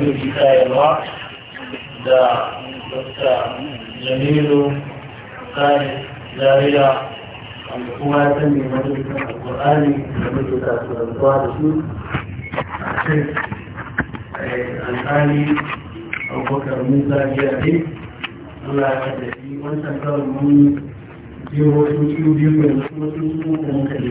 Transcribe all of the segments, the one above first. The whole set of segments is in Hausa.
Hikayarwa da Dr. Jamilu Kari Zariya wanda kuma ya sani majalisar Al-Qur'ani da muke kasuwantuwa da su a cikin alƙali abubakar Musa Giyade Allah ya da shi wancan kawai mun jiro sun ciwo biyu yanzu kuma sun ciwo kuma kalli.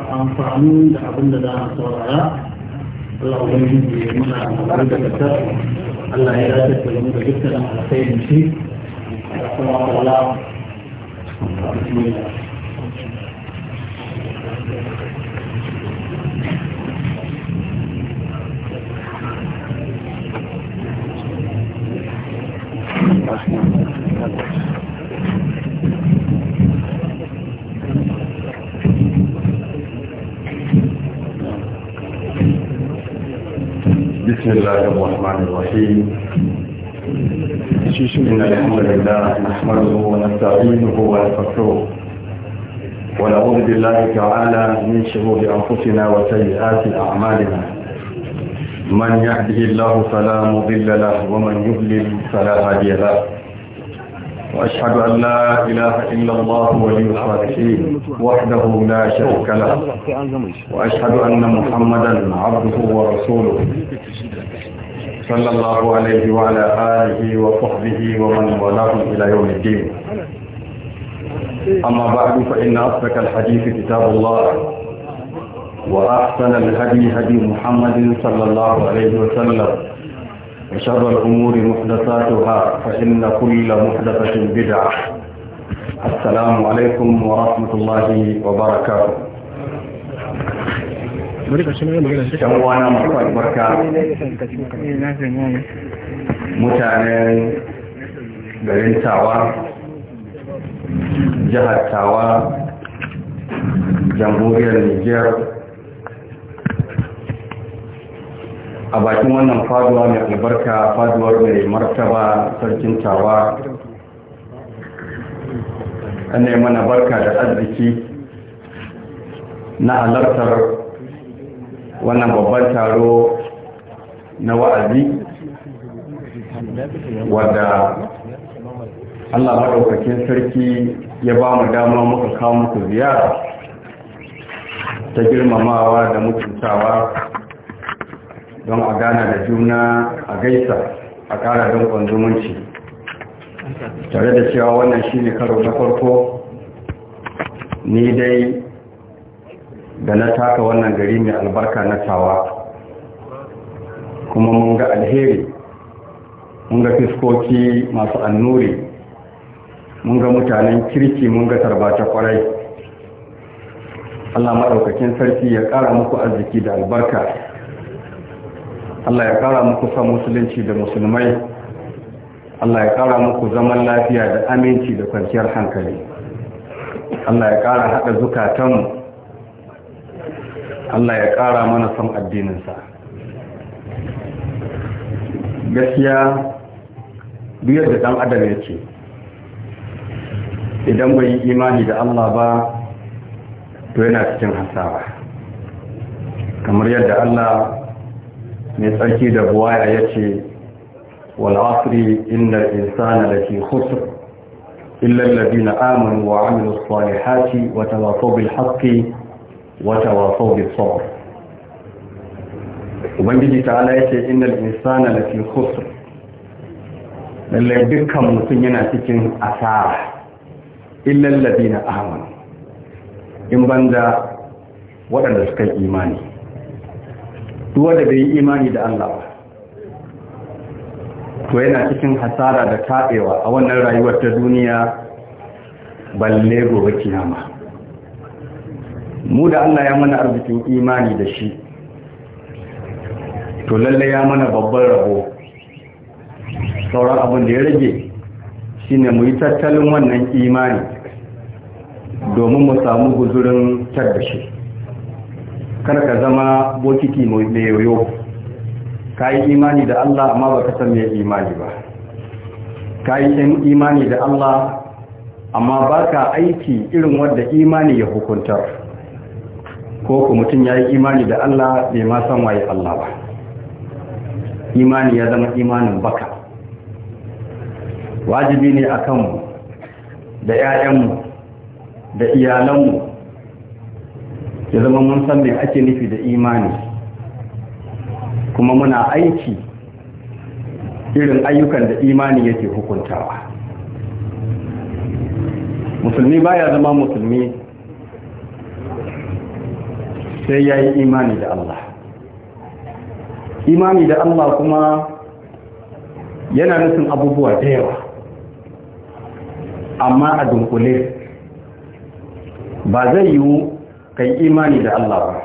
amfani da abin da za a saurara Allah ubangiji ya muna amfani da kasar Allah ya dace da mu da dukkan alkhairin shi Allah kuma Allah بسم الله الرحمن الرحيم إن الحمد لله نحمده ونستعينه ونستغفره ونعوذ بالله تعالى من شرور أنفسنا وسيئات أعمالنا من يهده الله فلا مضل له ومن يضلل فلا هادي له وأشهد أن لا إله إلا الله ولي الصالحين وحده لا شريك له وأشهد أن محمدا عبده ورسوله صلى الله عليه وعلى آله وصحبه ومن والاه إلى يوم الدين أما بعد فإن أصدق الحديث كتاب الله وأحسن الهدي هدي محمد صلى الله عليه وسلم وشر الأمور محدثاتها فإن كل محدثة بدعة السلام عليكم ورحمة الله وبركاته muri ka shirya magana shi wani masu albarka eh, mutanen garin tawa jihar tawa jamhuriyar niger a bakin wannan faduwa mai albarka faduwar mai martaba sarkin tawa an mana barka da arziki na halartar wannan babban taro na wa'azi wadda Allah maɗaukakin sarki ya ba mu dama muka kawo muku ziyara ta girmamawa da mutuntawa don a gana da juna a gaisa a ƙara don zumunci tare da cewa wannan shi ne karo na farko ni dai da na taka wannan gari mai albarka na tawa kuma mun ga alheri mun ga fiskoki masu annuri mun ga mutanen kirki mun ga tarbata kwarai allah maɗaukakin sarki ya ƙara muku arziki da albarka allah ya ƙara muku sa musulunci da musulmai allah ya ƙara muku zaman lafiya da aminci da kwanciyar hankali allah ya ƙara haɗa zukatanmu Allah ya ƙara mana son addininsa gaskiya biyar da ɗan adam ya ce idan bai yi imani da Allah ba to yana cikin hasara kamar yadda Allah mai tsarki da buwaya ya ce wal'asri inda insana da ke khusr illa alladhina amanu wa amilus salihati wa tawassaw bil haqqi wata wasau sabr ubangiji ta'ala ya ce innal insana lafi khusr lallai dukkan mutum yana cikin asara illal ladina amanu in banza waɗanda suka yi imani duk wanda bai yi imani da Allah ba to yana cikin hasara da taɓewa a wannan rayuwar ta duniya balle gobe kiyama mu da Allah ya mana arzikin imani da shi to lalle ya mana babban rabo sauran abin da ya rage shine mu yi tattalin wannan imani domin mu samu guzurin da shi kar ka zama bokiti mai yoyo ka yi imani da Allah amma ba ka san imani ba ka yi imani da Allah amma ba ka aiki irin wadda imani ya hukuntar ko ku mutum ya yi imani da Allah bai ma san waye Allah ba imani ya zama imanin baka wajibi ne a kanmu da 'ya'yanmu da iyalanmu ya zama mun san me ake nufi da imani kuma muna aiki irin ayyukan da imani yake hukuntawa musulmi baya zama musulmi sai ya yi imani da Allah imani da Allah kuma yana nufin abubuwa da yawa amma a dunkule ba zai yiwu ka yi imani da Allah ba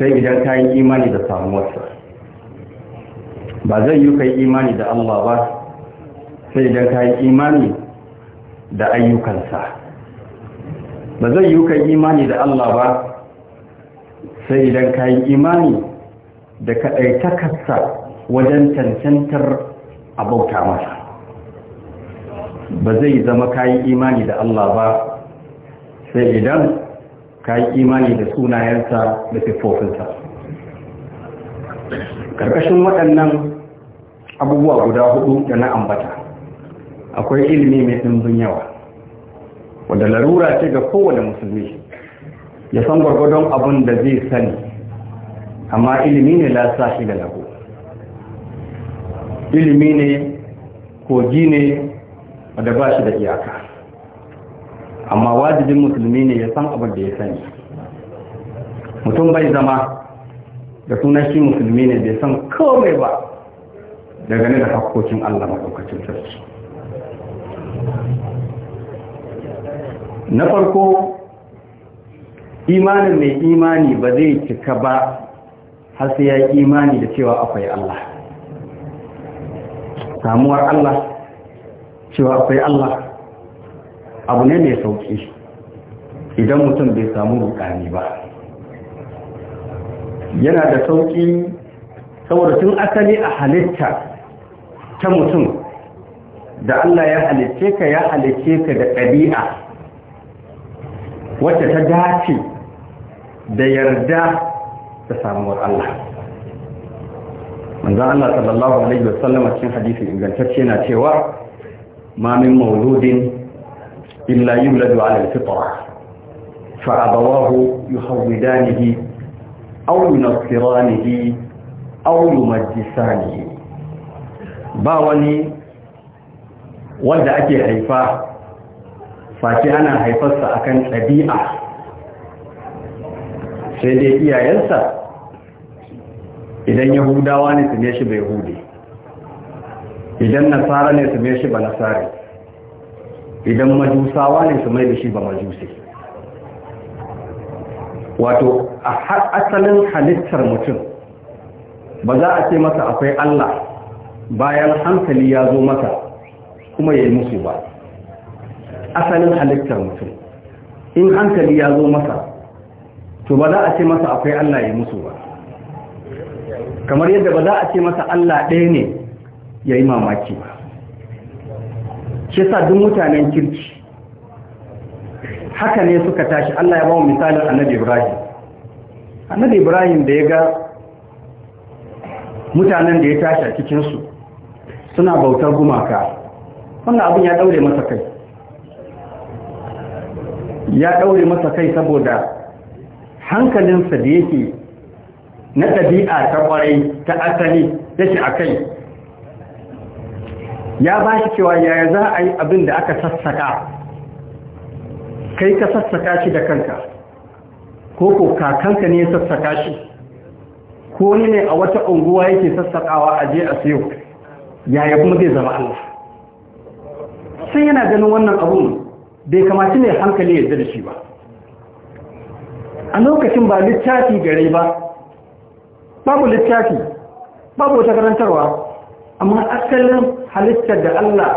sai idan ka yi imani da samuwarsa ba zai yiwu ka yi imani da Allah ba sai idan ka yi imani da ayyukansa ba zai yi kan imani da Allah ba sai idan ka yi imani da kaɗaitakarsa wajen cancantar a bauta masa ba zai zama ka yi imani da Allah ba sai idan ka yi imani da sunayensa da siffofinsa ƙarƙashin waɗannan abubuwa guda hudu da na ambata akwai ilimi mai ɗimbin yawa wanda larura ce ga kowane musulmi ya san gwargwadon abin da zai sani amma ilimi ne sa shi da lagu ilimi ne kogi ne wadda ba shi da iyaka amma wajibin musulmi ne ya san abin da ya sani mutum bai zama da sunan shi musulmi ne bai san kome ba daga ne da hakkokin allah daukacin sarki na farko imanin mai imani ba zai cika ba har sai ya yi imani da cewa akwai Allah samuwar Allah cewa akwai Allah abu ne mai sauki idan mutum bai samu rukani ba yana da sauki saboda tun asali a halitta ta mutum da Allah ya halicce ka ya halicce ka da ɗabi'a wacce ta dace da yarda da samuwar Allah manzan Allah sallallahu alaihi wasallam a cikin hadisi ingantacce na cewa mamin mauludin illa yuladu ala al-fitra fa abawahu yuhawidanihi aw yunassiranihi aw yumajjisanihi ba wani wanda ake haifa face ana haifarsa a kan ɗabi'a sai dai iyayensa idan yahudawa ne su shi bai hude idan nasara ne su shi ba nasari idan majusawa ne su mai shi ba majusi wato a har asalin halittar mutum ba za a ce masa akwai Allah bayan hankali ya zo masa kuma ya yi musu ba asalin halittar mutum in hankali ya zo masa to ba za a ce masa akwai Allah ya musu ba kamar yadda ba za a ce masa Allah ɗaya ne ya yi mamaki ba shi sa duk mutanen kirki haka ne suka tashi Allah ya ba misalin annabi Ibrahim annabi Ibrahim da ya ga mutanen da ya tashi a cikinsu suna bautar gumaka wannan abin ya ɗaure masa kai ya ɗaure masa kai saboda hankalinsa da yake na ɗabi'a ta ƙwarai ta asali yake a kai ya ba shi cewa yaya za a yi abin da aka sassaka kai ka sassaka shi da kanka ko ko kakanka ne ya sassaka shi ko ni ne a wata unguwa yake sassakawa a je a siyo yaya kuma zai zama Allah sai yana ganin wannan abun bai kamaci ne hankali ya da shi ba a lokacin ba littafi gare ba babu littafi babu wata karantarwa amma asalin halittar da Allah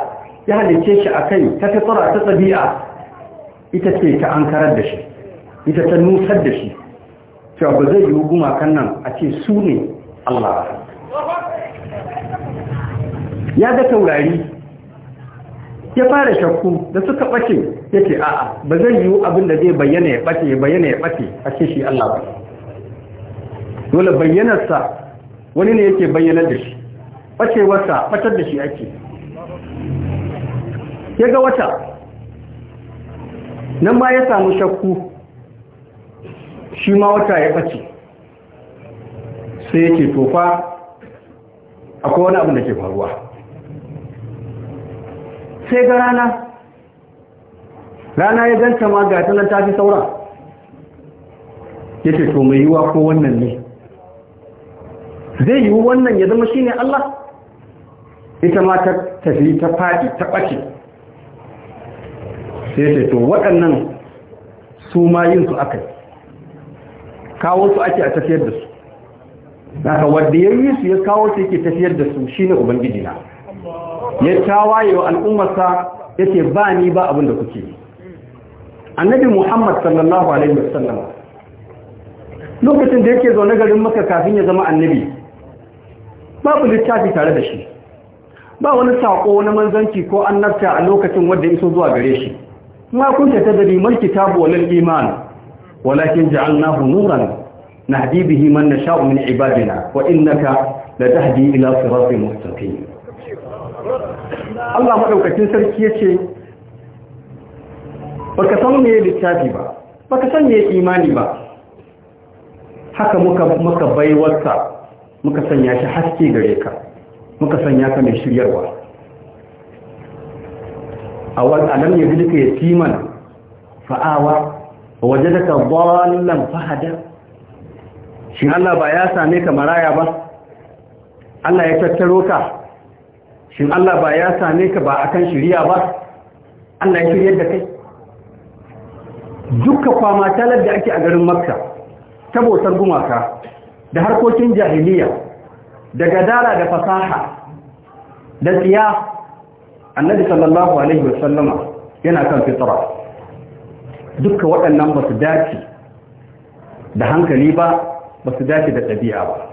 ya halicce shi a kai ta tattara ta tsabi'a ita ce ta an karar da shi ita ta nusar da shi cewa zai yi gumakan nan a ce su ne Allah ya ga taurari ya fara shakku da suka ya yake a'a ba zan yi abin da zai bayyana ya ɓace ya bayyana ya ɓace a ce shi Allah ba dole bayyanarsa wani ne yake bayyanar da shi wata ɓatar da shi ake ya ga wata nan ma ya samu shakku shi ma wata ya ɓace, sai yake tofa akwai wani abin da ke faruwa sai ga rana rana ya ganta ma ga tunan ta fi saura ya ce to mai yiwa ko wannan ne zai yiwu wannan ya zama shi ne Allah ita ma ta tafi ta faɗi ta ɓace sai ce to waɗannan su ma yin su aka kawo su ake a tafiyar da su ka wadda ya yi su ya kawo su yake tafiyar da su shi ne ubangiji na ya tawaye wa al'ummarsa ce ba ni ba abin da kuke annabi muhammad sallallahu alaihi wasallam lokacin da yake zaune garin maka kafin ya zama annabi babu littafi tare da shi ba wani saƙo na manzanci ko annabta a lokacin wanda iso zuwa gare shi ma kunta tadri mal kitabu wal iman walakin ja'alnahu nuran nahdi bihi man nasha'u min ibadina wa innaka latahdi ila siratin mustaqim Allah maɗaukacin sarki ya ce ba ka san me littafi ba ba ka san me imani ba haka muka baiwarsa muka sanya shi haske gare ka muka sanya ka mai shiryarwa a wani alam ya zilka ya timan fa'awa waje daga zallan fahada shi Allah ba ya same ka maraya ba Allah ya tattaro ka shin Allah ba ya same ka ba akan shirya ba Allah ya shiryar da kai dukka kwama talar da ake a garin makka ta bautar gumaka da harkokin jahiliya da gadara da fasaha da tsiya annabi sallallahu alaihi wasallama yana kan fitra dukka waɗannan ba su dace da hankali ba ba su dace da ɗabi'a ba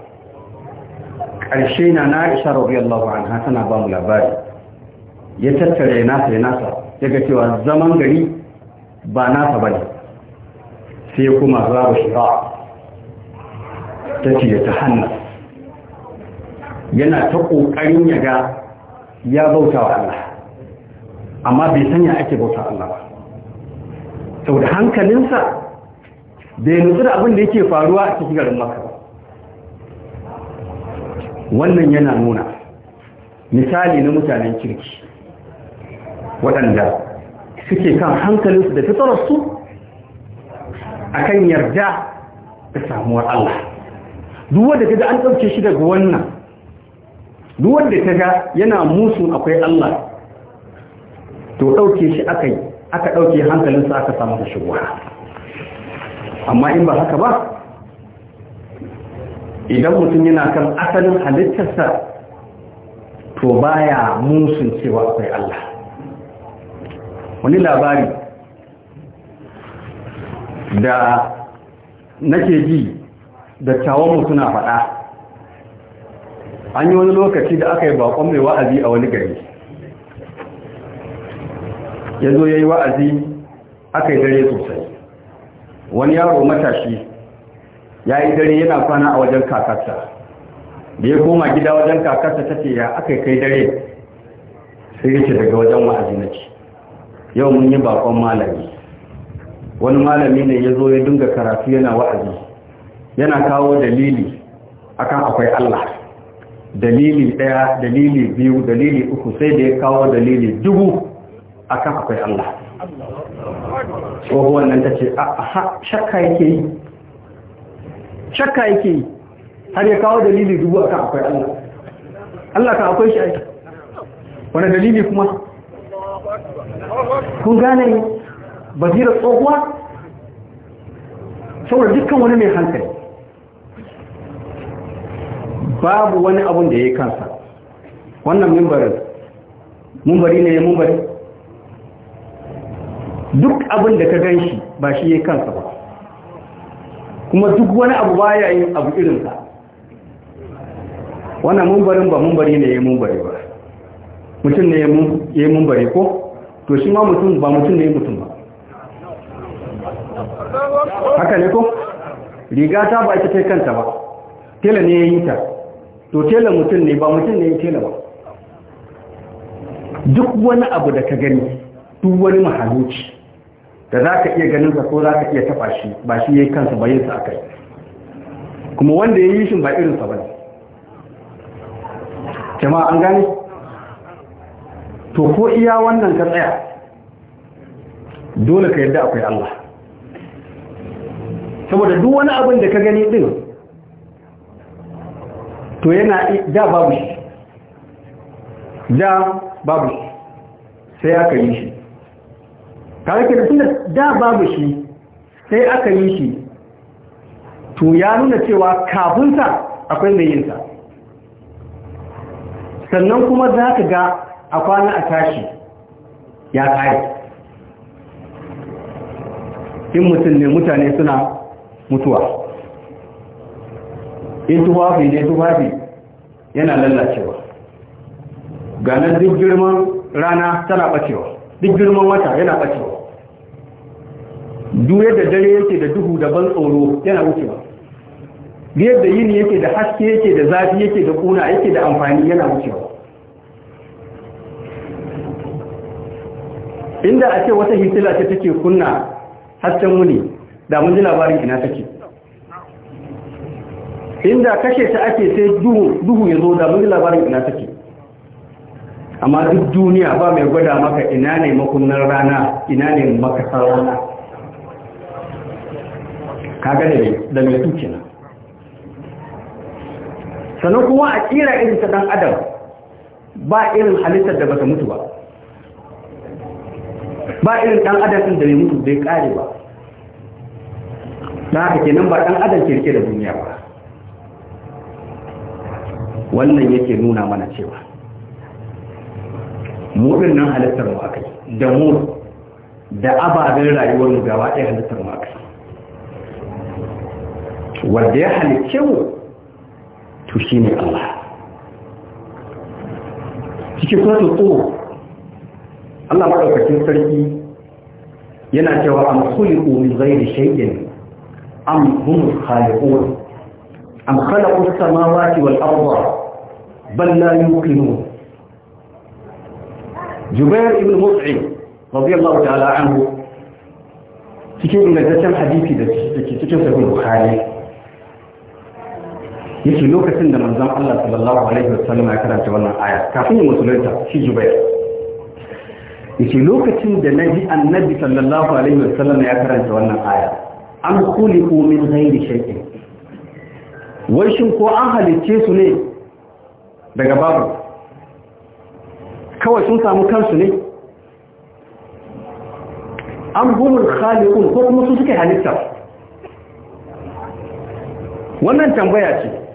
ƙarshe na na isha an anha na ba mu labari ya tattare nasa ya nasa ya cewa zaman gari ba nasa ba ne. sai kuma shi ba ta ce ta hannu yana ta ƙoƙarin ya ga ya bauta wa Allah amma bai sanya ake bauta Allah ba da hankalinsa bai nutsu da abin da yake faruwa a cikin garin maka wannan yana nuna misali na mutanen kirki waɗanda suke kan hankalinsu da fitararsu a kan yarda da samuwar Allah duwanda ta ga an ɗauke shi daga wannan duwanda ta ga yana musu akwai Allah to ɗauke shi aka yi aka ɗauke hankalinsa aka samu da shigowa amma in ba haka ba idan mutum yana kan asalin halittarsa to baya musun cewa akwai Allah wani labari da nake ji da mu suna faɗa an yi wani lokaci da aka yi bakon mai wa'azi a wani gari ya zo ya yi wa'azi aka yi dare sosai wani yaro matashi ya yi dare yana kwana a wajen kakarsa da ya koma gida wajen kakarsa ta ce ya aka kai dare sai ya ce daga wajen wa'azi na ce yau mun yi bakon malami wani malami ne ya zo ya dinga karatu yana wa'azi yana kawo dalili akan akwai Allah dalili ɗaya dalili biyu dalili uku sai da ya kawo dalili dubu akan akwai Allah tsohuwan nan ta ce a shakka yake yi shakka yake yi har ya kawo dalili dubu akan akwai Allah Allah ka akwai shi aiki wani dalili kuma kun gane Bazira tsohuwa saboda dukkan wani mai hankali babu wani abun da ya yi kansa wannan mimbarin mumbari ne ya mumbari duk abin da ka gan shi ba shi ya yi kansa ba kuma duk wani abu baya yin abu irinsa wannan mumbarin ba mumbari ne ya mumbari ba mutum ne ya mumbari ko to shi ma mutum ba mutum ne ya mutum ba haka ne ko riga ta ba ita kai kanta ba tela ne ya yi ta to tela mutum ne ba mutum ne ya tela ba duk wani abu da ka gani duk wani mahaluci da za ka iya ganin sa ko za ka iya taɓa shi ba shi ya yi kansa ba yin sa kai. kuma wanda ya yi shi ba irinsa ba ne jama'a an gane to ko iya wannan ka tsaya dole ka yadda akwai Allah saboda duk wani abin da ka gani din to yana da babu shi da babu sai aka yi shi tare ke da da babu shi sai aka yi shi to ya nuna cewa kafinsa akwai mai yinsa sannan kuma za ka ga a kwana a tashi ya kare in mutum ne mutane suna mutuwa in tufafi ne tufafi yana lallacewa ganin duk girman rana tana bacewa duk girman wata yana bacewa duk yadda dare yake da duhu da ban tsoro yana wucewa duk yadda yini yake da haske yake da zafi yake da kuna yake da amfani yana wucewa inda a ce wata hitila ta take kunna hasken muni da mun ji labarin ina take inda kashe ta ake sai duhu ya zo da mun ji labarin ina take amma duk duniya ba mai gwada maka ina ne makunnar rana ina ne makasar rana Ka gane mai da mai su sannan kuma a kira irin ta dan adam ba irin halittar da bata mutu ba ba irin dan adam din da bai mutu bai kare ba na haka kenan ba dan adam kirke da duniya ba wannan yake nuna mana cewa mubin nan halittar mu akai da mu da ababen rayuwar mu gaba ɗaya halittar mu akai wanda ya halicce mu to shi ne Allah cikin suratul tsoro Allah maɗaukacin sarki yana cewa an khuliqu min ghairi shay'in am hum khaliqun am khalaqu as-samawati wal arda bal la yuqinun Jubair ibn Mut'im radiyallahu ta'ala anhu cikin ingantaccen hadisi da cikin sahih Bukhari yake lokacin da manzon Allah sallallahu alaihi wasallam ya karanta wannan aya kafin musulunta shi Jubair yake lokacin da nabi annabi sallallahu alaihi wasallam ya karanta wannan aya an khuliqu min ghairi shay'in wai shin ko an halicce su ne daga babu kawai sun samu kansu ne an humul khaliqun ko kuma su suke halitta wannan tambaya ce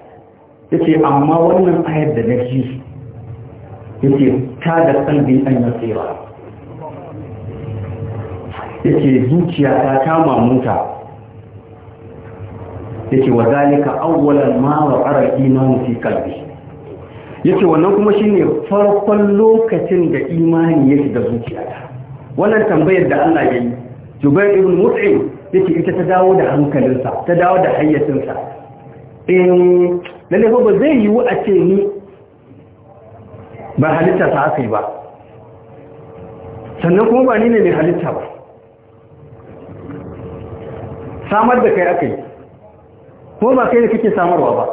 ce, amma wannan ayar da na ji ce ta da kalbin an Ya ce zuciya ta kama muta ce, wa zalika awwalan ma wa qara imanu fi qalbi yace wannan kuma shine farkon lokacin da imani yake da zuciyata wannan tambayar da Allah ya yi Jubair ibn Mut'im ce ita ta dawo da hankalinsa ta dawo da hayyacinsa in lalle ba zai yiwu a ce ni ba halitta ta aka yi ba sannan kuma ba ni ne mai halitta ba samar da kai aka yi kuma ba kai da kake samarwa ba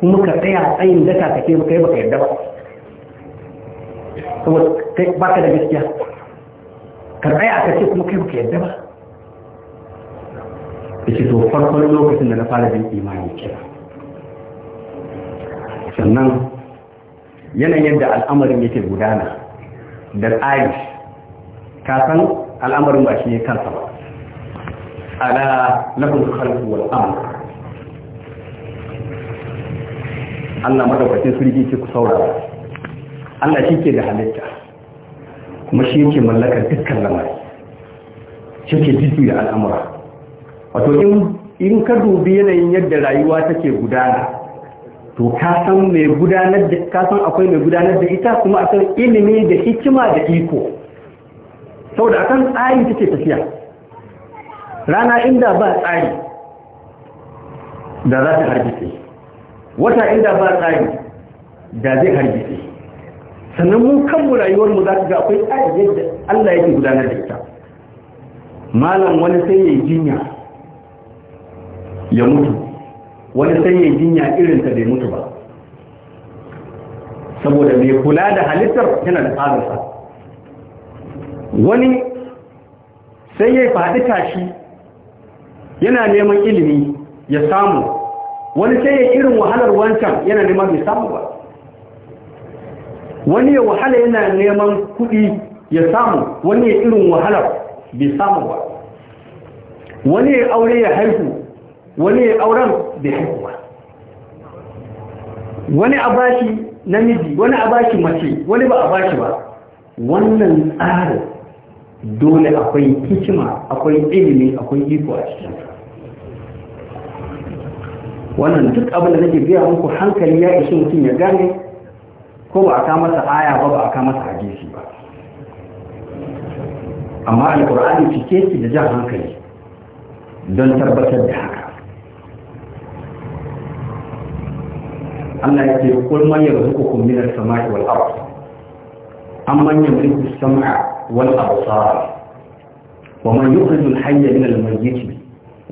kuma ka tsaya tsayin daka ka ke kai baka yadda ba kuma kai baka da gaskiya ka tsaya aka ce kuma kai baka yadda ba yake to farkon lokacin da na fara bin imani kira sannan yanayin yadda al'amarin yake gudana da tsari kasan al'amarin ba shi ne kansa ba ala lafin khalqu wa al'amur Allah madaukakin surgi ce ku saurara Allah shi ke da halitta kuma shi yake mallakar dukkan lamari shi ke jisu da al'amura wato in ka dubi yanayin yadda rayuwa take gudana to ka san mai gudanar da ka san akwai mai gudanar da ita kuma akan ilimi da hikima da iko saboda akan tsari take tafiya rana inda ba tsari da za ta hargitse wata inda ba tsari da zai hargitse sannan mu kanmu rayuwarmu za ta ga akwai tsari yadda Allah yake gudanar da ita malam wani sai ya yi jinya ya mutu wani sai ya jinya irinta bai mutu ba saboda mai kula da halittar yana da tsarinsa wani sai ya faɗi tashi yana neman ilimi ya samu wani sai ya irin wahalar wancan yana neman bai samu ba wani ya wahala yana neman kuɗi ya samu wani ya irin wahalar bai samu ba wani ya aure ya haihu wani ya auren bai haihu ba wani a bashi namiji wani a bashi mace wani ba a bashi ba wannan tsarin dole akwai hikima akwai ilimi akwai iko a cikin wannan duk abin da nake biya muku hankali ya ishi mutum ya gane ko ba a kama masa aya ba ba a kama masa hadisi ba amma alƙur'ani cike ki da jan hankali don tabbatar da haka Allah ya ce kul man yarzuqukum min as-sama'i wal ard amman yamliku as-sam'a wal absar wa man yukhriju al-hayya min al-mayyit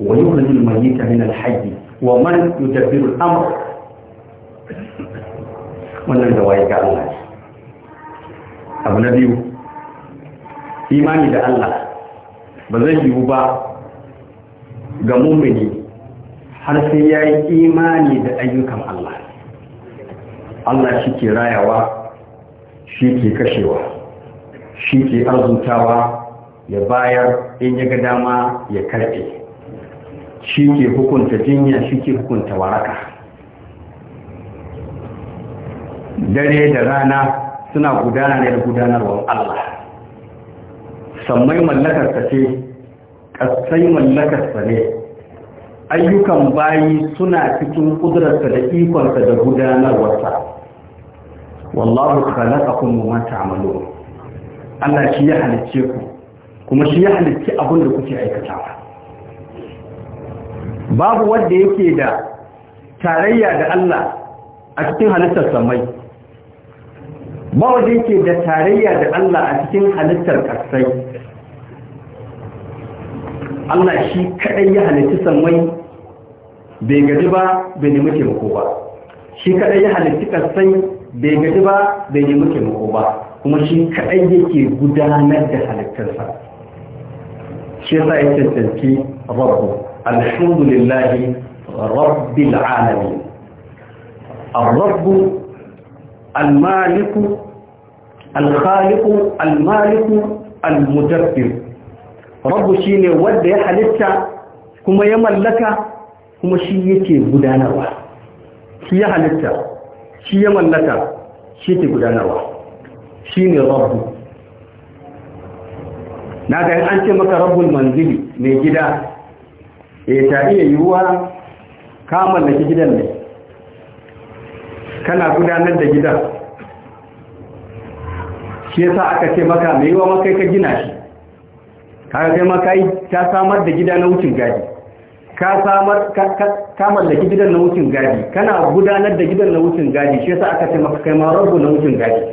wa yukhriju al-mayyita min al-hayy wa man yudabbiru al-amr wannan da waye ga Allah abu na biyu imani da Allah ba zai yiwu ba ga mummuni har sai ya yi imani da ayyukan Allah Allah shi ke rayawa shi ke kashewa shi ke arzutawa ya bayar in ya ga dama ya karɓe shi ke hukunta jinya shi ke hukunta waraka dare da rana suna gudana ne da gudanarwar Allah sammai mallakarsa ce ƙasai mallakarsa ne ayyukan bayi suna cikin kudurarsa da ikonsa da gudanarwarsa wallahu khalaqakum wa ma ta'malun Allah shi ya halicce ku kuma shi ya halicci abin da kuke aikatawa babu wanda yake da tarayya da Allah a cikin halittar samai ba wanda yake da tarayya da Allah a cikin halittar kasai Allah shi kadai ya halitta samai bai gaji ba bai nemi taimako ba shi kadai ya halitta kasai bai gadi ba bai nemi taimako ba kuma shi kaɗai yake gudanar da halittarsa shi yasa ya cancanci rabbu alhamdulillahi rabbil alamin almaliku المالك الخالق المالك المدبر shine wanda ya halitta kuma ya mallaka kuma shi yake shi ya halitta shi ya mallaka shi ke gudanarwa shi ne rabu na ga an ce maka rabu manzili mai gida e ta iya yiwuwa ka mallaki gidan ne kana gudanar da gidan shi yasa aka ce maka mai yiwa makai ka gina shi kaga kai maka ta samar da gida na wucin gaji? ka samar ka mallaki gidan na wucin gadi kana gudanar da gidan na wucin gadi shi yasa aka ce maka kai ma rabbu na wucin gadi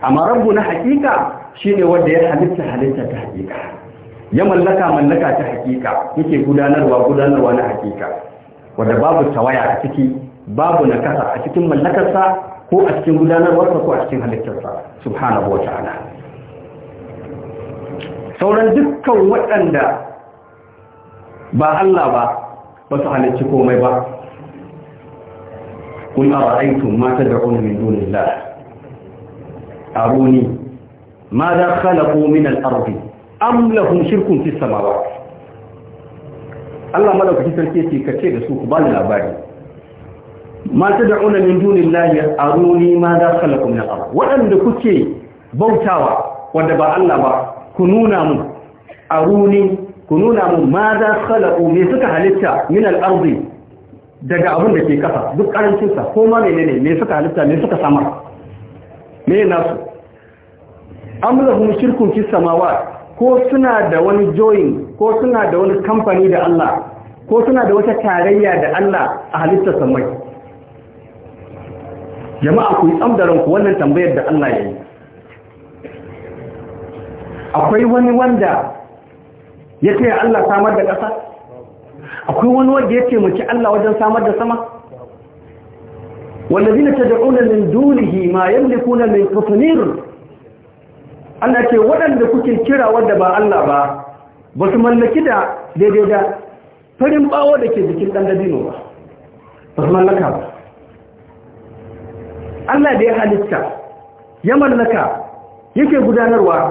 amma rabbu na hakika shine wanda ya halitta halitta ta hakika ya mallaka mallaka ta hakika yake gudanarwa gudanarwa na hakika wanda babu tawaya a ciki babu nakasa a cikin mallakarsa ko a cikin gudanarwarsa ko a cikin halittarsa subhanahu wa ta'ala sauran dukkan waɗanda ba Allah ba ba su halicci komai ba kun a ra'aitun mata da ƙunar min dunin la a runi ma za khalaƙo min al'arbi am lahun shirkun fi ba. Allah malaukaci sarki ce ka ce da su ku ba labari mata da ƙunar min dunin la a runi ma za khalaƙo min al'arbi waɗanda kuke bautawa wanda ba Allah ba ku nuna mu a runi ku nuna mu ma za khalaqu me suka halitta min al daga abin da ke kasa duk ƙarancinsa, ko ma menene me suka halitta me suka samar me nasu am lahum shirkun fi mawa ko suna da wani join ko suna da wani kamfani da Allah ko suna da wata tarayya da Allah a halittar samai jama'a ku yi tsamdaran ku wannan tambayar da Allah ya yi akwai wani wanda ya ce Allah samar da ƙasa akwai wani wanda ya taimaki Allah wajen samar da sama wallazina tad'una min dunihi ma yamlikuna min qutnir Allah ce waɗanda kuke kira wanda ba Allah ba ba su mallaki da daidai da farin bawo da ke jikin ɗan dabino ba ba su mallaka ba Allah da ya halitta ya mallaka yake gudanarwa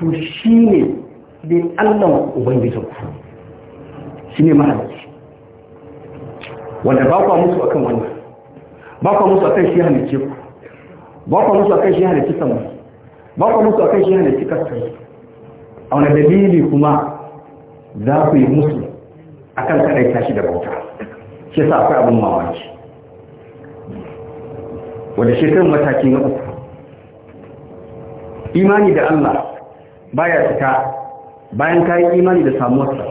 to shi ne din Allah ubangijin ku shine mahalicci wanda ba ku musu akan wannan ba ku musu akan shi halicce ku ba ku musu akan shi halice sama ba ku musu akan shi halice kasa a wani dalili kuma za ku yi musu akan kadai tashi da bauta shi sa akwai abin mawaci wanda shi kan matakin uku imani da Allah baya fita bayan ka yi imani da samuwarsa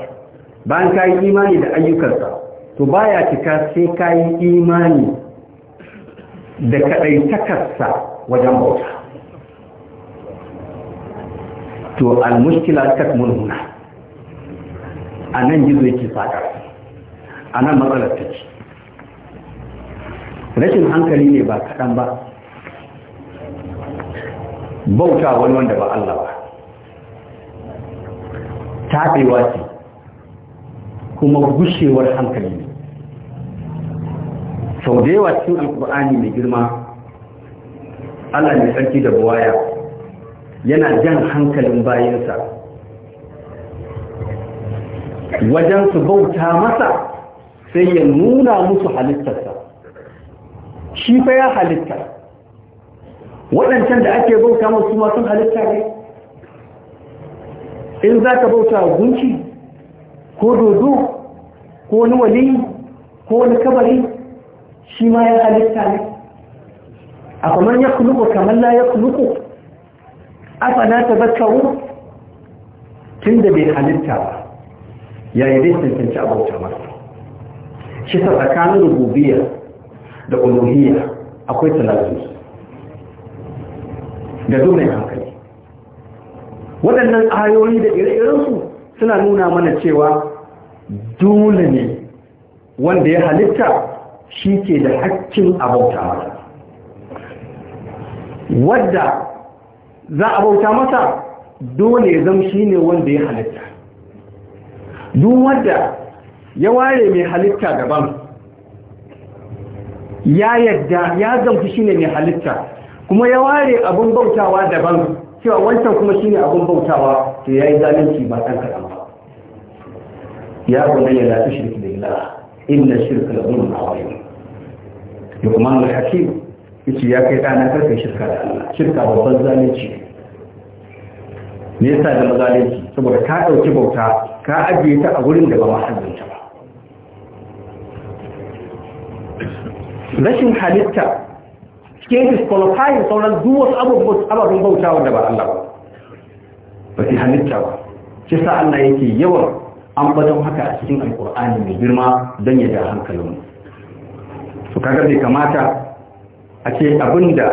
bayan ka imani da ayyukansa to ba ya cika sai ka imani da kaɗaitakarsa wajen bauta to almushkila kat mulmuna a nan gizo yake fata a nan matsalar ta ce rashin hankali ne ba kaɗan ba bauta wani wanda ba Allah ba taɓewa ce kuma gushewar hankali ne sau da yawa cikin alƙur'ani mai girma allah mai tsarki da buwaya yana jan hankalin bayansa wajen su bauta masa sai ya nuna musu halittarsa shi fa ya halitta waɗancan da ake bauta masu masu halitta ne in za ka bauta gunci ko dodo ko wani wali ko wani kabari shi ma ya halitta ne a kamar ya kuluku kamar la ya kuluku afana ta zakaru tun da bai halitta ba yi dai tantance a bauta masu. shi ta tsakanin rububiya da uluhiyya akwai talazu da zo mai hankali waɗannan ayoyi da ire-irensu suna nuna mana cewa dole ne wanda ya halitta shi ke da haƙƙin abauta masa wadda za a bauta masa dole ya zama shi ne wanda ya halitta duk wadda ya ware mai halitta daban ya yadda ya gamsu shi ne mai halitta kuma ya ware abin bautawa daban cewa wancan kuma shine abin bautawa to yayi zalunci ba dan kaɗan ba ya bunayya shirki da ila inna shirka la dhulmun ya kuma al-Hakim yace ya kai dana karfe shirka da Allah shirka babban zalunci ne. yasa da zalunci saboda ka dauki bauta ka ajiye ta a gurin da ba mahallinta ba rashin halitta ke disqualifying sauran duk wasu ababen bauta da ba Allah ba ba halitta ba shi sa Allah yake yawan ambaton haka a cikin alkur'ani mai girma don ya ja hankalinmu su kaga bai kamata a ce abinda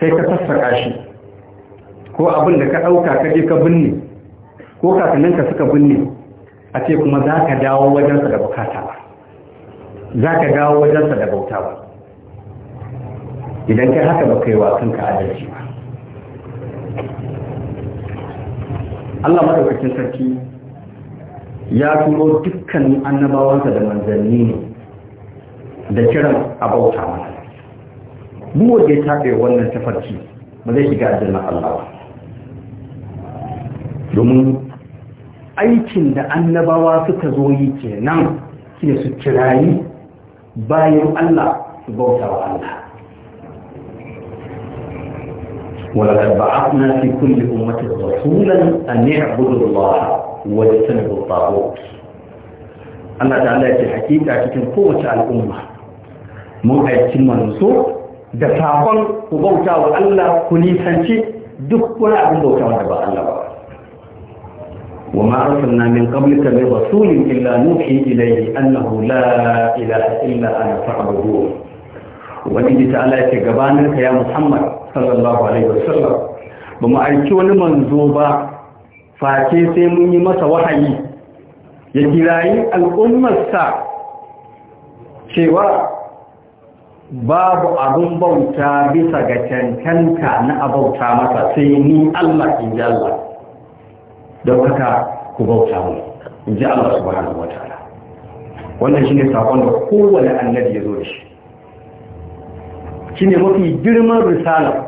kai ka sassaka shi ko abinda ka ɗauka ka je ka binne ko kakanninka suka binne a ce kuma za ka dawo wajensa da bukata ba za ka dawo wajensa da bauta ba idan kai haka baka yi wa kanka adalci ba Allah madaukakin sarki ya turo dukkan annabawansa da manzanni ne da kiran abauta mana. duk wanda ya taɓe wannan tafarki ba zai shiga aljanna Allah ba domin aikin da annabawa suka zo yi kenan shine su kirayi bayan Allah su bauta wa Allah ولقد بعثنا في كل أمة رسولا أن يعبدوا الله واجتنبوا الطاغوت Allah ta'ala ya ce hakika cikin kowace al'umma mun aikin manzo da sakon ku bauta wa Allah ku nisanci duk wani abin bauta wanda ba Allah ba wa ma arsalna min qablika min rasulin illa nuhi ilayhi annahu la ilaha illa ana fa'budu wa gabanin ka ya Muhammad sallallahu alaihi wasallam ba mu aiki wani manzo ba face sai mun yi masa wahayi ya kirayi al'ummarsa cewa babu abin bauta bisa ga cancanta na abauta masa sai ni Allah in ji Allah don haka ku bauta mu in ji Allah subhanahu wa ta'ala wannan shine sakon da kowane annabi ya zo da shi shine mafi girman risala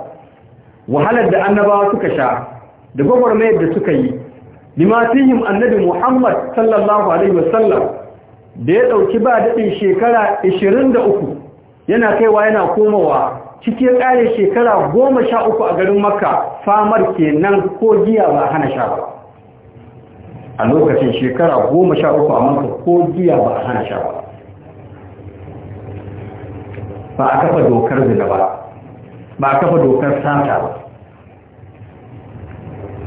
wahalar da annabawa suka sha da gwagwarmayar da suka yi limatihim annabi Muhammad sallallahu alaihi wasallam da ya dauki ba daɗin shekara 23 yana kaiwa yana komawa cikin ƙare shekara 13 a garin Makka famar kenan ko giya ba hana sha ba a lokacin shekara 13 a Makka ko giya ba hana sha ba ba a kafa dokar zina ba ba a kafa dokar sata ba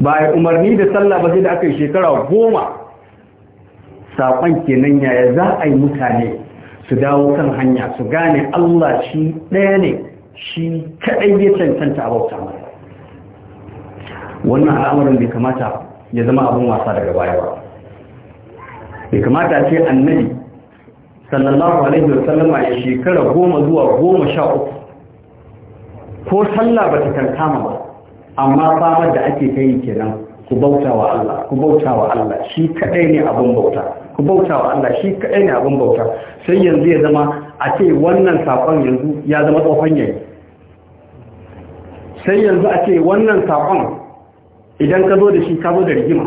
ba a umarni da sallah ba sai da aka yi shekara goma saƙon kenan yaya za a yi mutane su dawo kan hanya su gane Allah shi ɗaya ne shi kaɗai ya cancanta a bauta masa wannan al'amarin bai kamata ya zama abin wasa daga baya ba bai kamata ce annabi sallallahu alaihi wa sallama ya shekara goma zuwa goma sha uku ko sallah ba ta kankama ba amma famar da ake ta yi kenan ku bauta wa Allah ku bauta wa Allah shi kadai ne abun bauta ku bauta wa Allah shi kadai ne abun bauta sai yanzu ya zama a ce wannan sakon yanzu ya zama tsohon yayi sai yanzu a ce wannan sakon idan ka zo da shi ka zo da rigima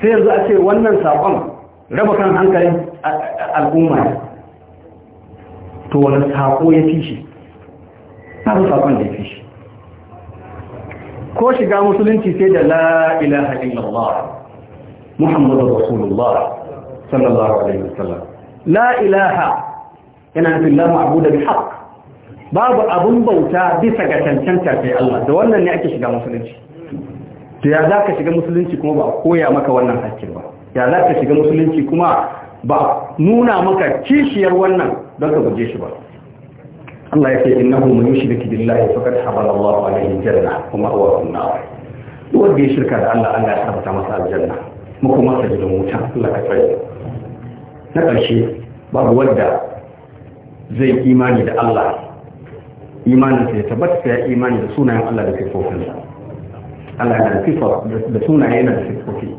sai yanzu a ce wannan sakon raba kan hankali al'umma to wani sako ya fi shi samun sakon da ya fi shi ko shiga musulunci sai da la ilaha illallah muhammadu rasulullah sallallahu alaihi wasallam la ilaha yana nufin la ma'budu bi haqq babu abun bauta bisa ga cancanta sai Allah da wannan ne ake shiga musulunci to ya za ka shiga musulunci kuma ba koya maka wannan hakkin ba ya za ka shiga musulunci kuma ba nuna maka kishiyar wannan don ka guje shi ba Allah ya ce innahu yushi yushrik billahi faqad harama Allahu alayhi janna wa ma'wahu an-nar duk wanda ya shirka da Allah Allah ya tabbata masa aljanna mu kuma sa gidan wuta Allah ka tsare na ƙarshe babu wanda zai imani da Allah imanin sa ya tabbata ya imani da sunayen Allah da sifofinsa Allah yana da sifa da sunaye yana da sifofi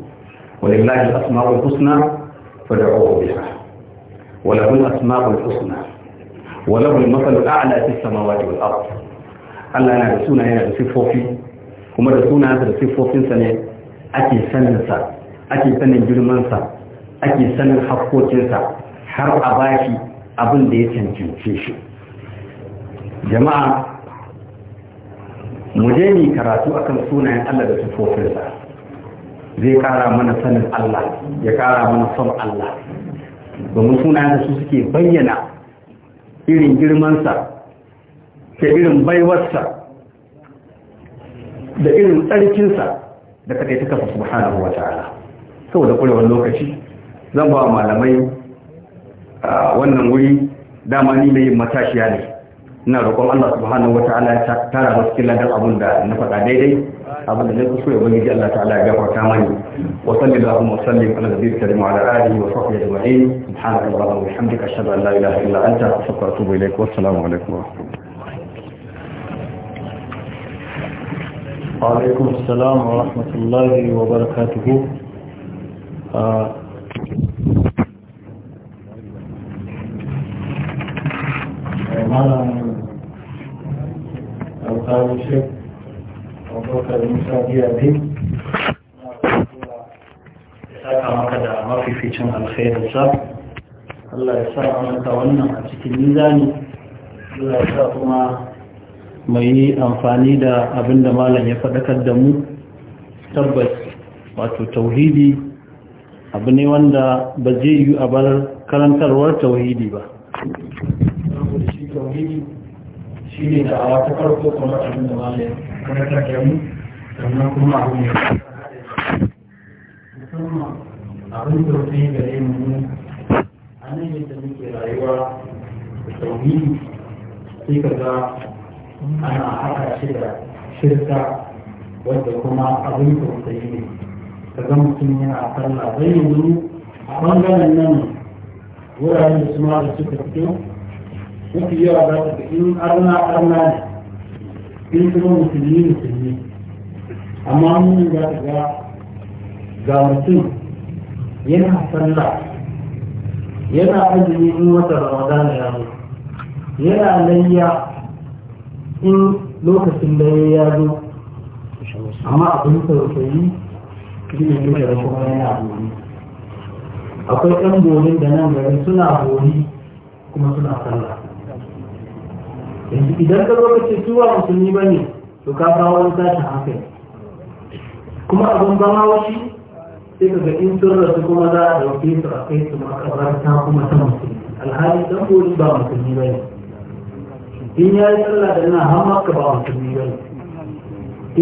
walillahi al-asma'ul husna فادعوه بها وله الأسماء الحسنى وله المثل الأعلى في السماوات والأرض Allah yana da suna yana da siffofi kuma da suna da siffofinsa ne ake saninsa ake sanin girmansa ake sanin hakkokinsa har a bashi abin da ya cancance shi jama'a mu ni karatu akan sunayen Allah da siffofinsa zai kara mana sanin Allah ya kara mana son Allah domin sunayensa su suke bayyana irin girmansa da irin baiwarsa da irin tsarkinsa da kaɗai ta kafa subhanahu wa ta'ala da ƙulewar lokaci zan ba malamai wannan wuri dama ni mai matashiya ne ina roƙon Allah subhanahu wa ta'ala ya tara masu kila ladan abin da na faɗa daidai أظن أنك سوية بني جل تعالى جفا كامل وصلي اللهم وسلم على نبي الكريم وعلى آله وصحبه أجمعين سبحانك اللهم وبحمدك أشهد أن لا إله إلا أنت أستغفرك وأتوب إليك والسلام عليكم ورحمة الله وعليكم السلام ورحمة الله وبركاته أنا أبو خالد kokarin sabiya ne saka maka da mafificin alkhairinsa Allah ya sa maka wannan a cikin nizani Allah ya sa kuma mai amfani da abin da malam ya faɗakar da mu tabbas wato tauhidi abu ne wanda ba zai yi a bar karantarwar tauhidi ba tauhidi shi ne da awa ta farko kuma abin da wale kuma ta kyamu sannan kuma abu ne kuma abin da wata yi gare mu a nan yadda muke rayuwa da sauri sai ka ga ana haka shi da shirka wadda kuma abin da wata yi ne ka ga mutum yana sallah zai yi a ɓangaren nan wuraren da su da suka fito mafi yawa za ta in arna arna ne in kuma musulmi musulmi amma mun za ta ga ga mutum yana sallah yana azumi in wata ramadana ya zo yana layya in lokacin layya ya zo amma abin tausayi shi ne da kuma yana gobe akwai ɗan gobe da nan gari suna gobe kuma suna sallah yanzu idan ka zo ka ce su ba musulmi ba ne to ka ba wani tashin haka. kuma abin ma wasu sai ka ga in sun rasu kuma za a ɗauke su a kai su makabarta kuma ta musulmi alhali dan boli ba musulmi ba ne in ya yi sallah da ina har maka ba musulmi ba ne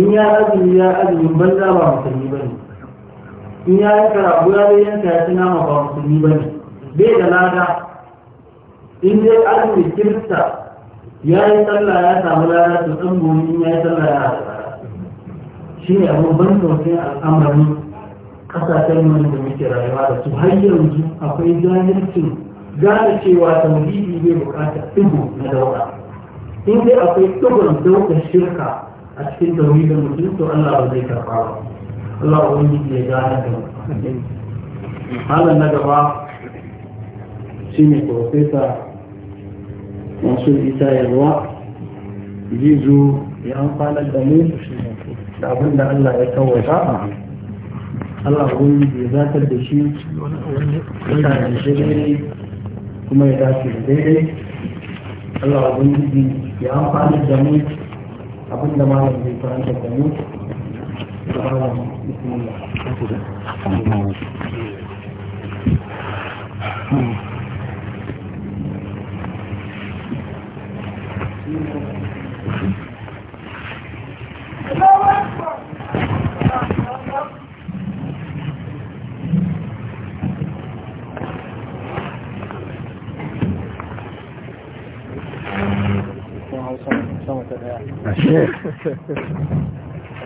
in ya azumi ya azumi banza ba musulmi ba ne in ya yi karabu ya yi yanka ya ci nama ba musulmi ba ne bai da lada in dai azumi kirista ya yi sallah ya samu lalata to ɗan gomi ya yi sallah ya shi ne abin ban sosai al'amarin ƙasashen nan da muke rayuwa da su har yanzu akwai jahilcin gane cewa tauhidi bai bukata ɗigo na dauka in dai akwai ɗigon dauka shirka a cikin tauhidin mutum to Allah ba zai karɓa ba Allah ba wani ya gane da halin na gaba shi ne profesa masu isayarwa jizu ya amfanar da mu da abin da Allah ya kawata Allah wani ya zatar da shi yana da daidai kuma ya dace da daidai Allah wani ya amfanar da mu abin da malam zai faranta da mu سبحانه بسم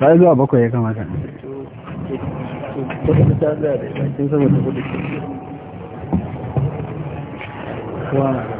ta zuwa bakwai ya kamata Wow.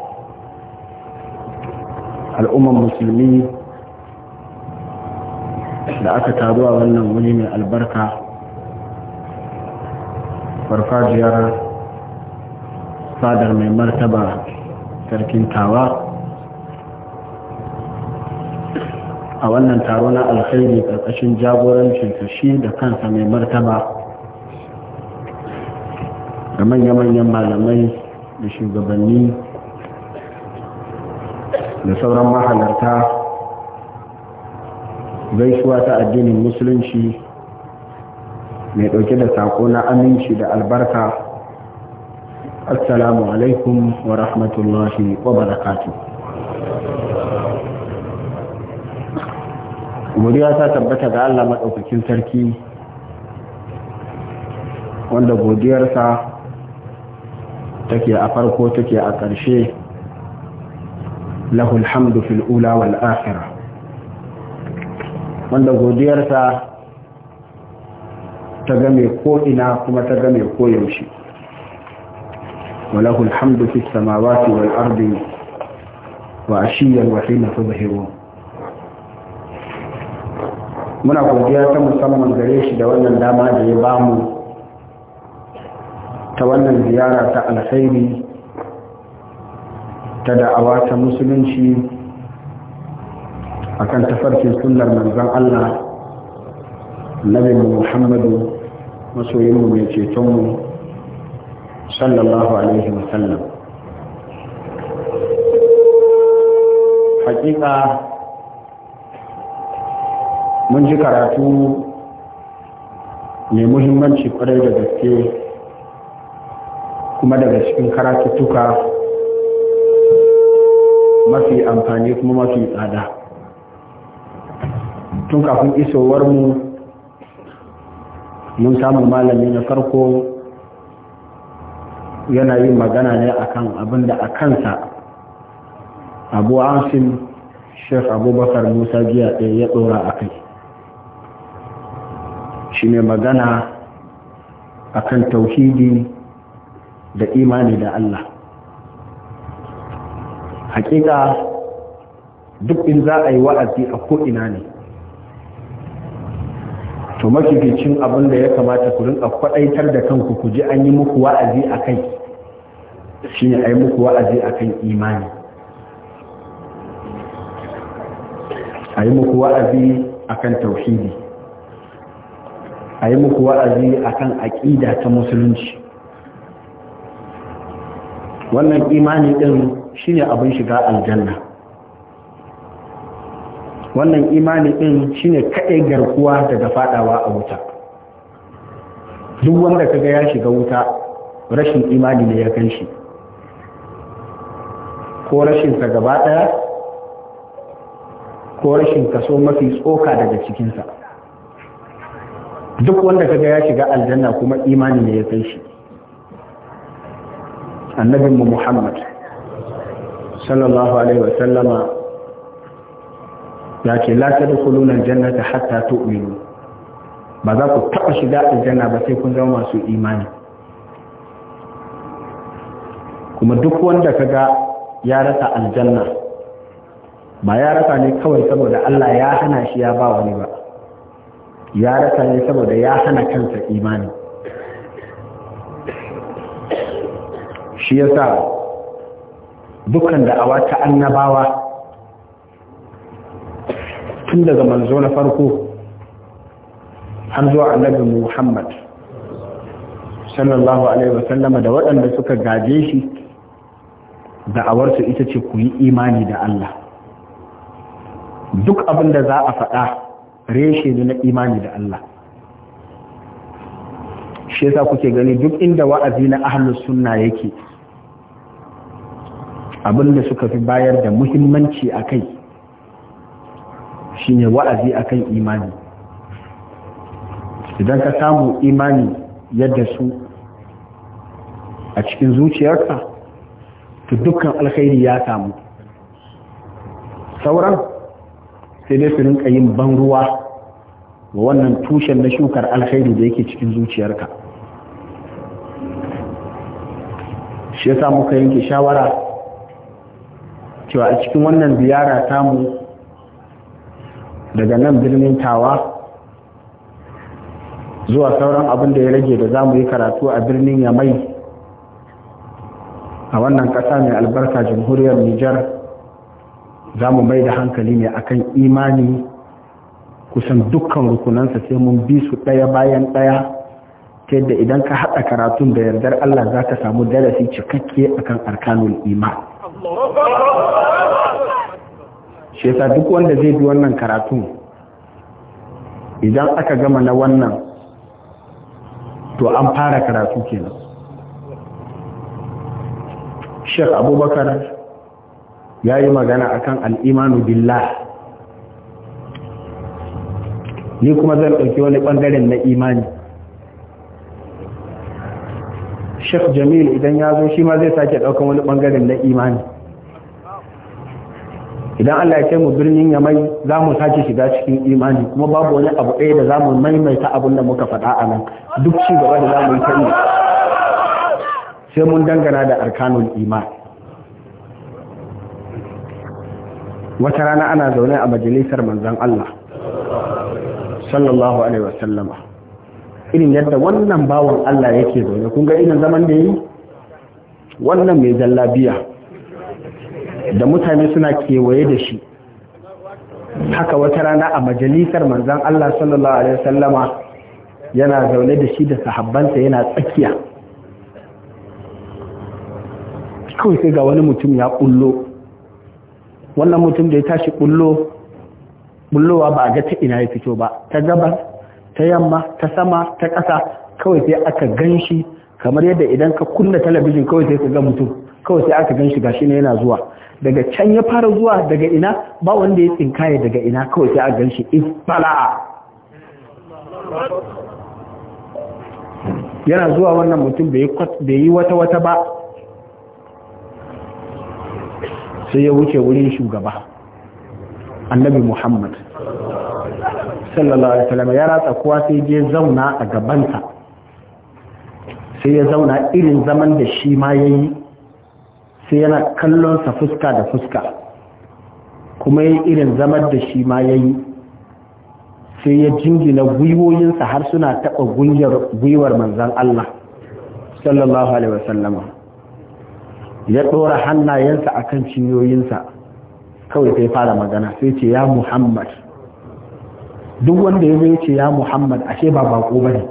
al'umman musulmi da aka taru a wannan wuri mai albarka farfajiyar fadar mai martaba sarkin tawa a wannan taro na alkhairi karkashin jagorancin shi da kansa mai martaba da manya-manyan malamai da shugabanni da sauran mahalarta gaisuwa ta addinin musulunci mai ɗauke da saƙo na aminci da albarka assalamu alaikum wa rahmatullahi wa barakatu godiya ta tabbata ga allah maɗaukakin sarki wanda godiyarsa take a farko take a ƙarshe له الحمد في الأولى والآخرة ta game ko'ina kuma ta game koyaushe walahul hamdu muna godiya ta musamman gare shi da wannan dama da ya bamu ta wannan ziyara ta alkhairi ta da'awa ta musulunci a akan tafarkin sunnar manzon Allah nabi Muhammadu masoyinmu mai cetonmu sallallahu alaihi wasallam hakika mun ji karatu mai muhimmanci kwarai da gaske kuma daga cikin karatuttuka mafi amfani kuma mafi tsada tun kafin isowar mu mun samu malami na farko yana yin magana ne akan abin da a kansa abu asim shek abubakar musa jiya ɗaya ya ɗora a kai shi ne magana akan tauhidi da imani da allah hakika duk in za a yi wa'azi a ko'ina ne to mafificin abin da ya kamata ku rinka kwaɗaitar da kanku ku ji an yi muku wa'azi a kai shi ne a yi muku wa'azi a kan imani a yi muku wa'azi a kan tauhidi a yi muku wa'azi a kan aƙida ta musulunci wannan imani din shine abin shiga aljanna wannan imani din shine kaɗai garkuwa daga fadawa a wuta duk wanda kaga ya shiga wuta rashin imani ne ya kan shi ko rashinsa gaba ɗaya ko rashin kaso mafi tsoka daga cikinsa duk wanda kaga ya shiga aljanna kuma imani ne ya kan shi annabin mu Muhammad sallallahu alaihi wa ya ce la tadkhuluna aljannata hatta tu'minu ba za ku taba shiga aljanna ba sai kun zama masu imani kuma duk wanda kaga ya rasa aljanna ba ya rasa ne kawai saboda Allah ya hana shi ya ba wani ba ya rasa ne saboda ya hana kansa imani shi ya sa dukkan da'awa ta annabawa tun daga manzo na farko zo zuwa annabi Muhammad sallallahu alaihi wasallama da waɗanda suka gaje shi da'awarsu ita ce ku yi imani da Allah duk abin da za a faɗa reshe ne na imani da Allah shi yasa kuke gani duk inda wa'azi na ahlus sunna yake abin da suka fi bayar da muhimmanci a kai shine wa'azi a kan imani idan ka samu imani yadda su a cikin zuciyarka to dukkan alkhairi ya samu sauran sai dai su rinka yin ban ruwa wa wannan tushen na shukar alkhairi da yake cikin zuciyarka shi ya samu muka yanke shawara cewa a cikin wannan ziyara tamu daga nan birnin tawa zuwa sauran abin da ya rage da za mu yi karatu a birnin yamai a wannan ƙasa mai albarka jamhuriyar nijar za mu mai da hankali ne akan imani kusan dukkan rukunansa sai mun bi su ɗaya bayan ɗaya ta yadda idan ka haɗa karatun da yardar Allah za ka samu darasi cikakke akan arkanul iman shi duk wanda zai bi wannan karatu idan aka gama na wannan to an fara karatu kenan shek Abubakar ya yi magana akan al'imanu billah ni kuma zan ɗauki wani ɓangaren na imani shek Jamil idan ya zo shi ma zai sake ɗaukan wani ɓangaren na imani idan Allah ya kai mu birnin mai, za mu sake shiga cikin imani kuma babu wani abu ɗaya da za mu maimaita abin da muka faɗa a nan duk ci gaba da za mu yi kai sai mun dangana da arkanun iman wata rana ana zaune a majalisar manzon Allah sallallahu alaihi irin yadda wannan bawan Allah yake zaune kun ga irin zaman da yi wannan mai zallabiya. da mutane suna kewaye da shi haka wata rana a majalisar manzan Allah sallallahu alaihi wasallama yana zaune da shi da sahabbansa yana tsakiya kawai sai ga wani mutum ya kullo wannan mutum da ya tashi kullo bullowa ba a ga ta ina ya fito ba ta gabas ta yamma ta sama ta ƙasa kawai sai aka ganshi. kamar yadda idan ka kunna talabijin kawai sai ka ga mutum kawai sai aka ganshi gashi ne yana zuwa daga can ya fara zuwa daga ina ba wanda ya tsinkaye daga ina kawai sai aka ganshi isbala'a yana zuwa wannan mutum bai yi wata wata ba sai ya wuce wurin shugaba annabi muhammad sallallahu alaihi wasallam ya ratsa kowa sai je zauna a gabansa sai ya zauna irin zaman da shi ma yayi sai yana kallon sa fuska da fuska kuma ya irin zamar da shi ma ya yi sai ya jingina gwiwoyinsa har suna taɓa gwiwar manzan Allah sallallahu alaihi wasallama ya ɗora hannayensa a kan cinyoyinsa kawai sai fara magana sai ce ya muhammad duk wanda ya zai ce ya muhammad ashe ba bako ba ne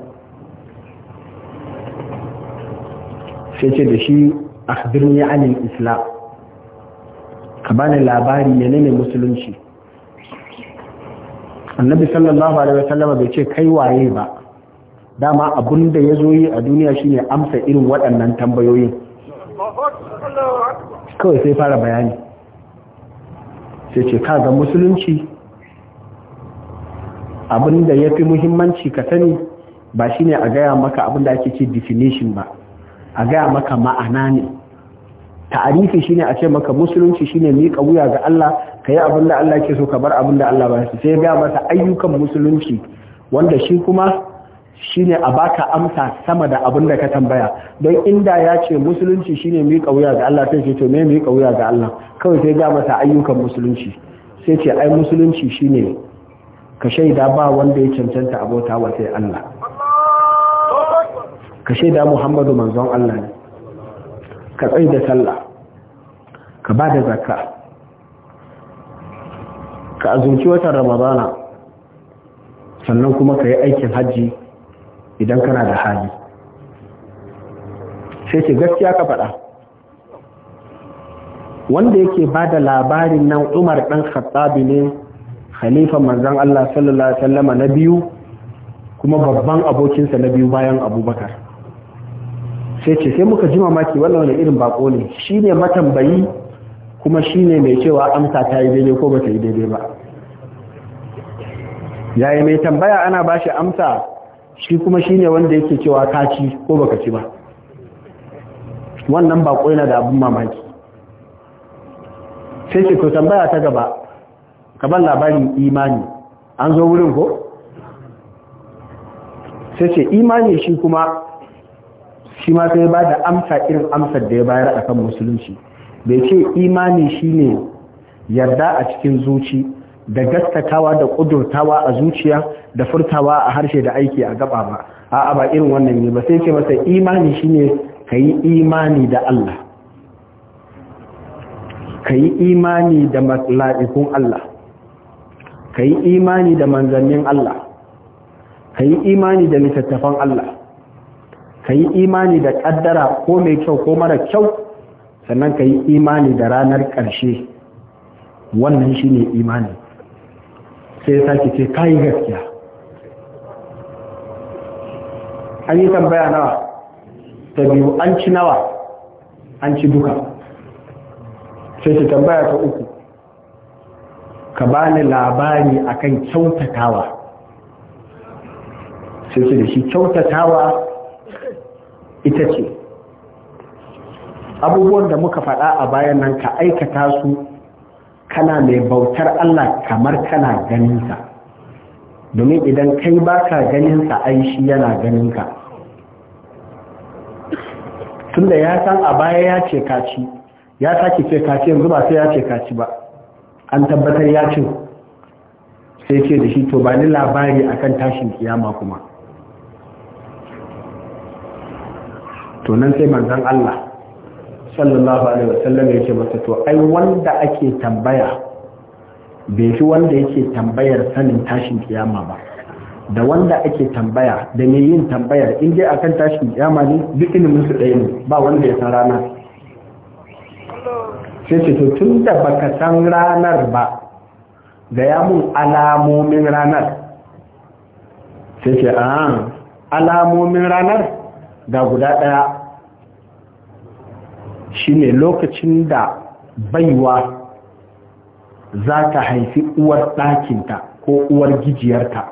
sai ce da shi akhbirni anil islam ka bani labari menene musulunci annabi sallallahu alaihi wasallam bai ce kai waye ba dama abun da ya zo yi a duniya shine amsa irin waɗannan tambayoyin kawai sai fara bayani sai ce kaga musulunci abin da ya fi muhimmanci ka sani ba shine a gaya maka abin da ake ce definition ba a gaya maka ma'ana ne ta'arifi shine a ce maka musulunci shine miƙa wuya ga Allah ka yi abin da Allah ke so ka bar abin da Allah ba shi sai ga masa ayyukan musulunci wanda shi kuma shine a baka amsa sama da abin da ka tambaya don inda ya ce musulunci shine miƙa wuya ga Allah sai ce to me miƙa wuya ga Allah kawai sai ga masa ayyukan musulunci sai ce ai musulunci shine ka shaida ba wanda ya cancanta abota wa sai Allah ka shaida Muhammadu manzon Allah ne ka tsaye da sallah ka ba da zakka ka azumci watan ramadana sannan kuma ka yi aikin hajji idan kana da hali sai ce gaskiya ka faɗa wanda yake ba da labarin nan umar ɗan khattabi ne Khalifa manzan Allah sallallahu Alaihi wasallama na biyu kuma babban abokinsa na biyu bayan abubakar sai ce sai muka ji mamaki wannan wani irin bako ne shi ne matambayi kuma shi ne mai cewa amsa ta yi daidai ko ba ta yi daidai ba yayi mai tambaya ana ba shi amsa shi kuma shi ne wanda yake cewa ka ci ko baka ci ba wannan bako yana da abin mamaki sai ce ko tambaya ta gaba kaban labarin imani an zo wurin ko sai ce imani shi kuma shi ma sai ba da amsa irin amsar da ya bayar a kan musulunci bai ce imani shine yarda a cikin zuci da gaskatawa da kudurtawa a zuciya da furtawa a harshe da aiki a gaba ba a'a ba irin wannan ne ba sai ce masa imani shine yi imani da Allah ka yi imani da matsala'ikun Allah ka yi imani da manzannin Allah ka yi imani da littattafan Allah ka yi imani da ƙaddara ko mai kyau ko mara kyau sannan ka yi imani da ranar ƙarshe wannan shi ne imani sai ya sake ce ka yi gaskiya an yi tambaya nawa ta biyu an ci nawa an ci duka sai ta tambaya ta uku ka bani labari akan kyautatawa sai su da shi kyautatawa ita ce abubuwan da muka faɗa a bayan nan ka aikata su kana mai bautar Allah kamar kana ganinsa domin idan kai baka ganinsa ai shi yana ganinka tunda ya san a baya ya ce kaci ya sake ce kaci yanzu ba sai ya ce kaci ba an tabbatar ya ce sai ce da shi to ba ni labari akan tashin kiyama kuma to nan sai manzon Allah sallallahu alaihi wasallam ya ce masa to ai wanda ake tambaya bai fi wanda yake tambayar sanin tashin kiyama ba da wanda ake tambaya da mai yin tambayar in dai akan tashin kiyama ne duk ilimin su ɗaya ne ba wanda ya san rana sai ce to tun da baka san ranar ba gaya mun alamomin ranar sai ce a alamomin ranar ga guda ɗaya ne lokacin da baiwa za ta haifi uwar ɗakinta ko uwar gijiyarta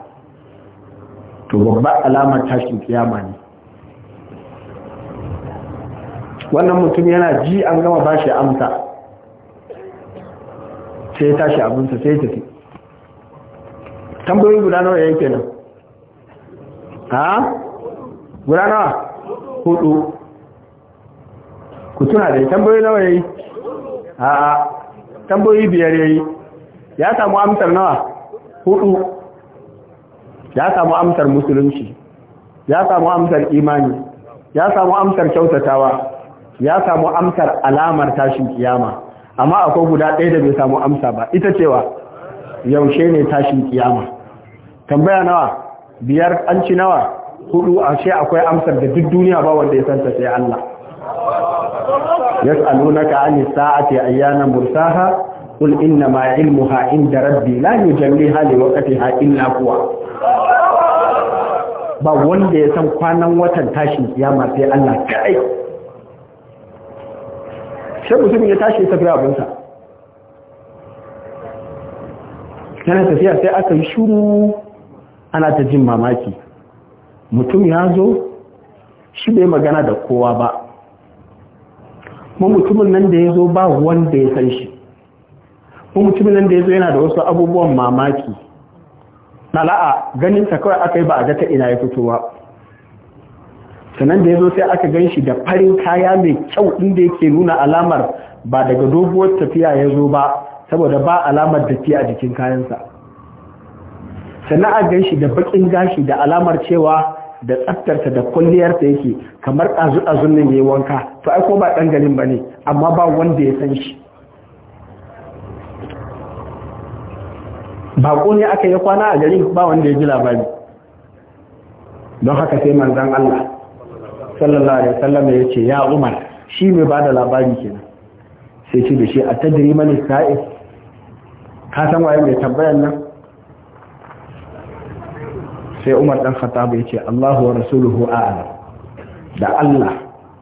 to babbar alamar tashin kiyama ne wannan mutum yana ji an gama ba shi amsa sai tashi abinsa sai tafi tambayoyi guda nawa yake nan ha guda nawa hudu ku tuna da tambayoyi nawa yayi a'a tambayoyi biyar yayi ya samu amsar nawa hudu ya samu amsar musulunci ya samu amsar imani ya samu amsar kyautatawa ya samu amsar alamar tashin kiyama amma akwai guda ɗaya da bai samu amsa ba ita cewa yaushe ne tashin kiyama tambaya nawa biyar an ci nawa hudu ashe akwai amsar da duk duniya ba wanda ya santa sai Allah يسألونك عن الساعة ayyana mursaha قل إنما علمها عند ربي rabbi la لوقتها إلا هو illa huwa ba wanda ya san kwanan watan tashin kiyama sai Allah kai shi mutum ya tashi ya tafi abinsa Tana tafiya sai aka yi shuru ana ta jin mamaki mutum ya zo shi bai magana da kowa ba mu mutumin nan da ya zo ba wanda ya san shi mu mutumin nan da ya zo yana da wasu abubuwan mamaki ɗala'a ganin ta kawai aka yi ba a ga ta ina ya fito ba sannan da ya zo sai aka gan shi da farin kaya mai kyau inda yake nuna alamar ba daga doguwar tafiya ya zo ba saboda ba alamar tafiya a jikin kayansa sannan a gan shi da bakin gashi da alamar cewa da tsaftarsa da kulliyarta yake kamar ɗazu-ɗazun nan yayi wanka to ai ko ba ɗan garin ba ne amma ba wanda ya san shi baƙo ne aka yi kwana a garin ba wanda ya ji labari don haka sai manzan Allah sallallahu alaihi wasallam ya ce ya Umar shi mai ba da labari kenan sai ce da shi a tadri mani sa'is ka san waye mai tambayar nan sai umar dan khattab ya ce Allahu wa rasuluhu a'lam da Allah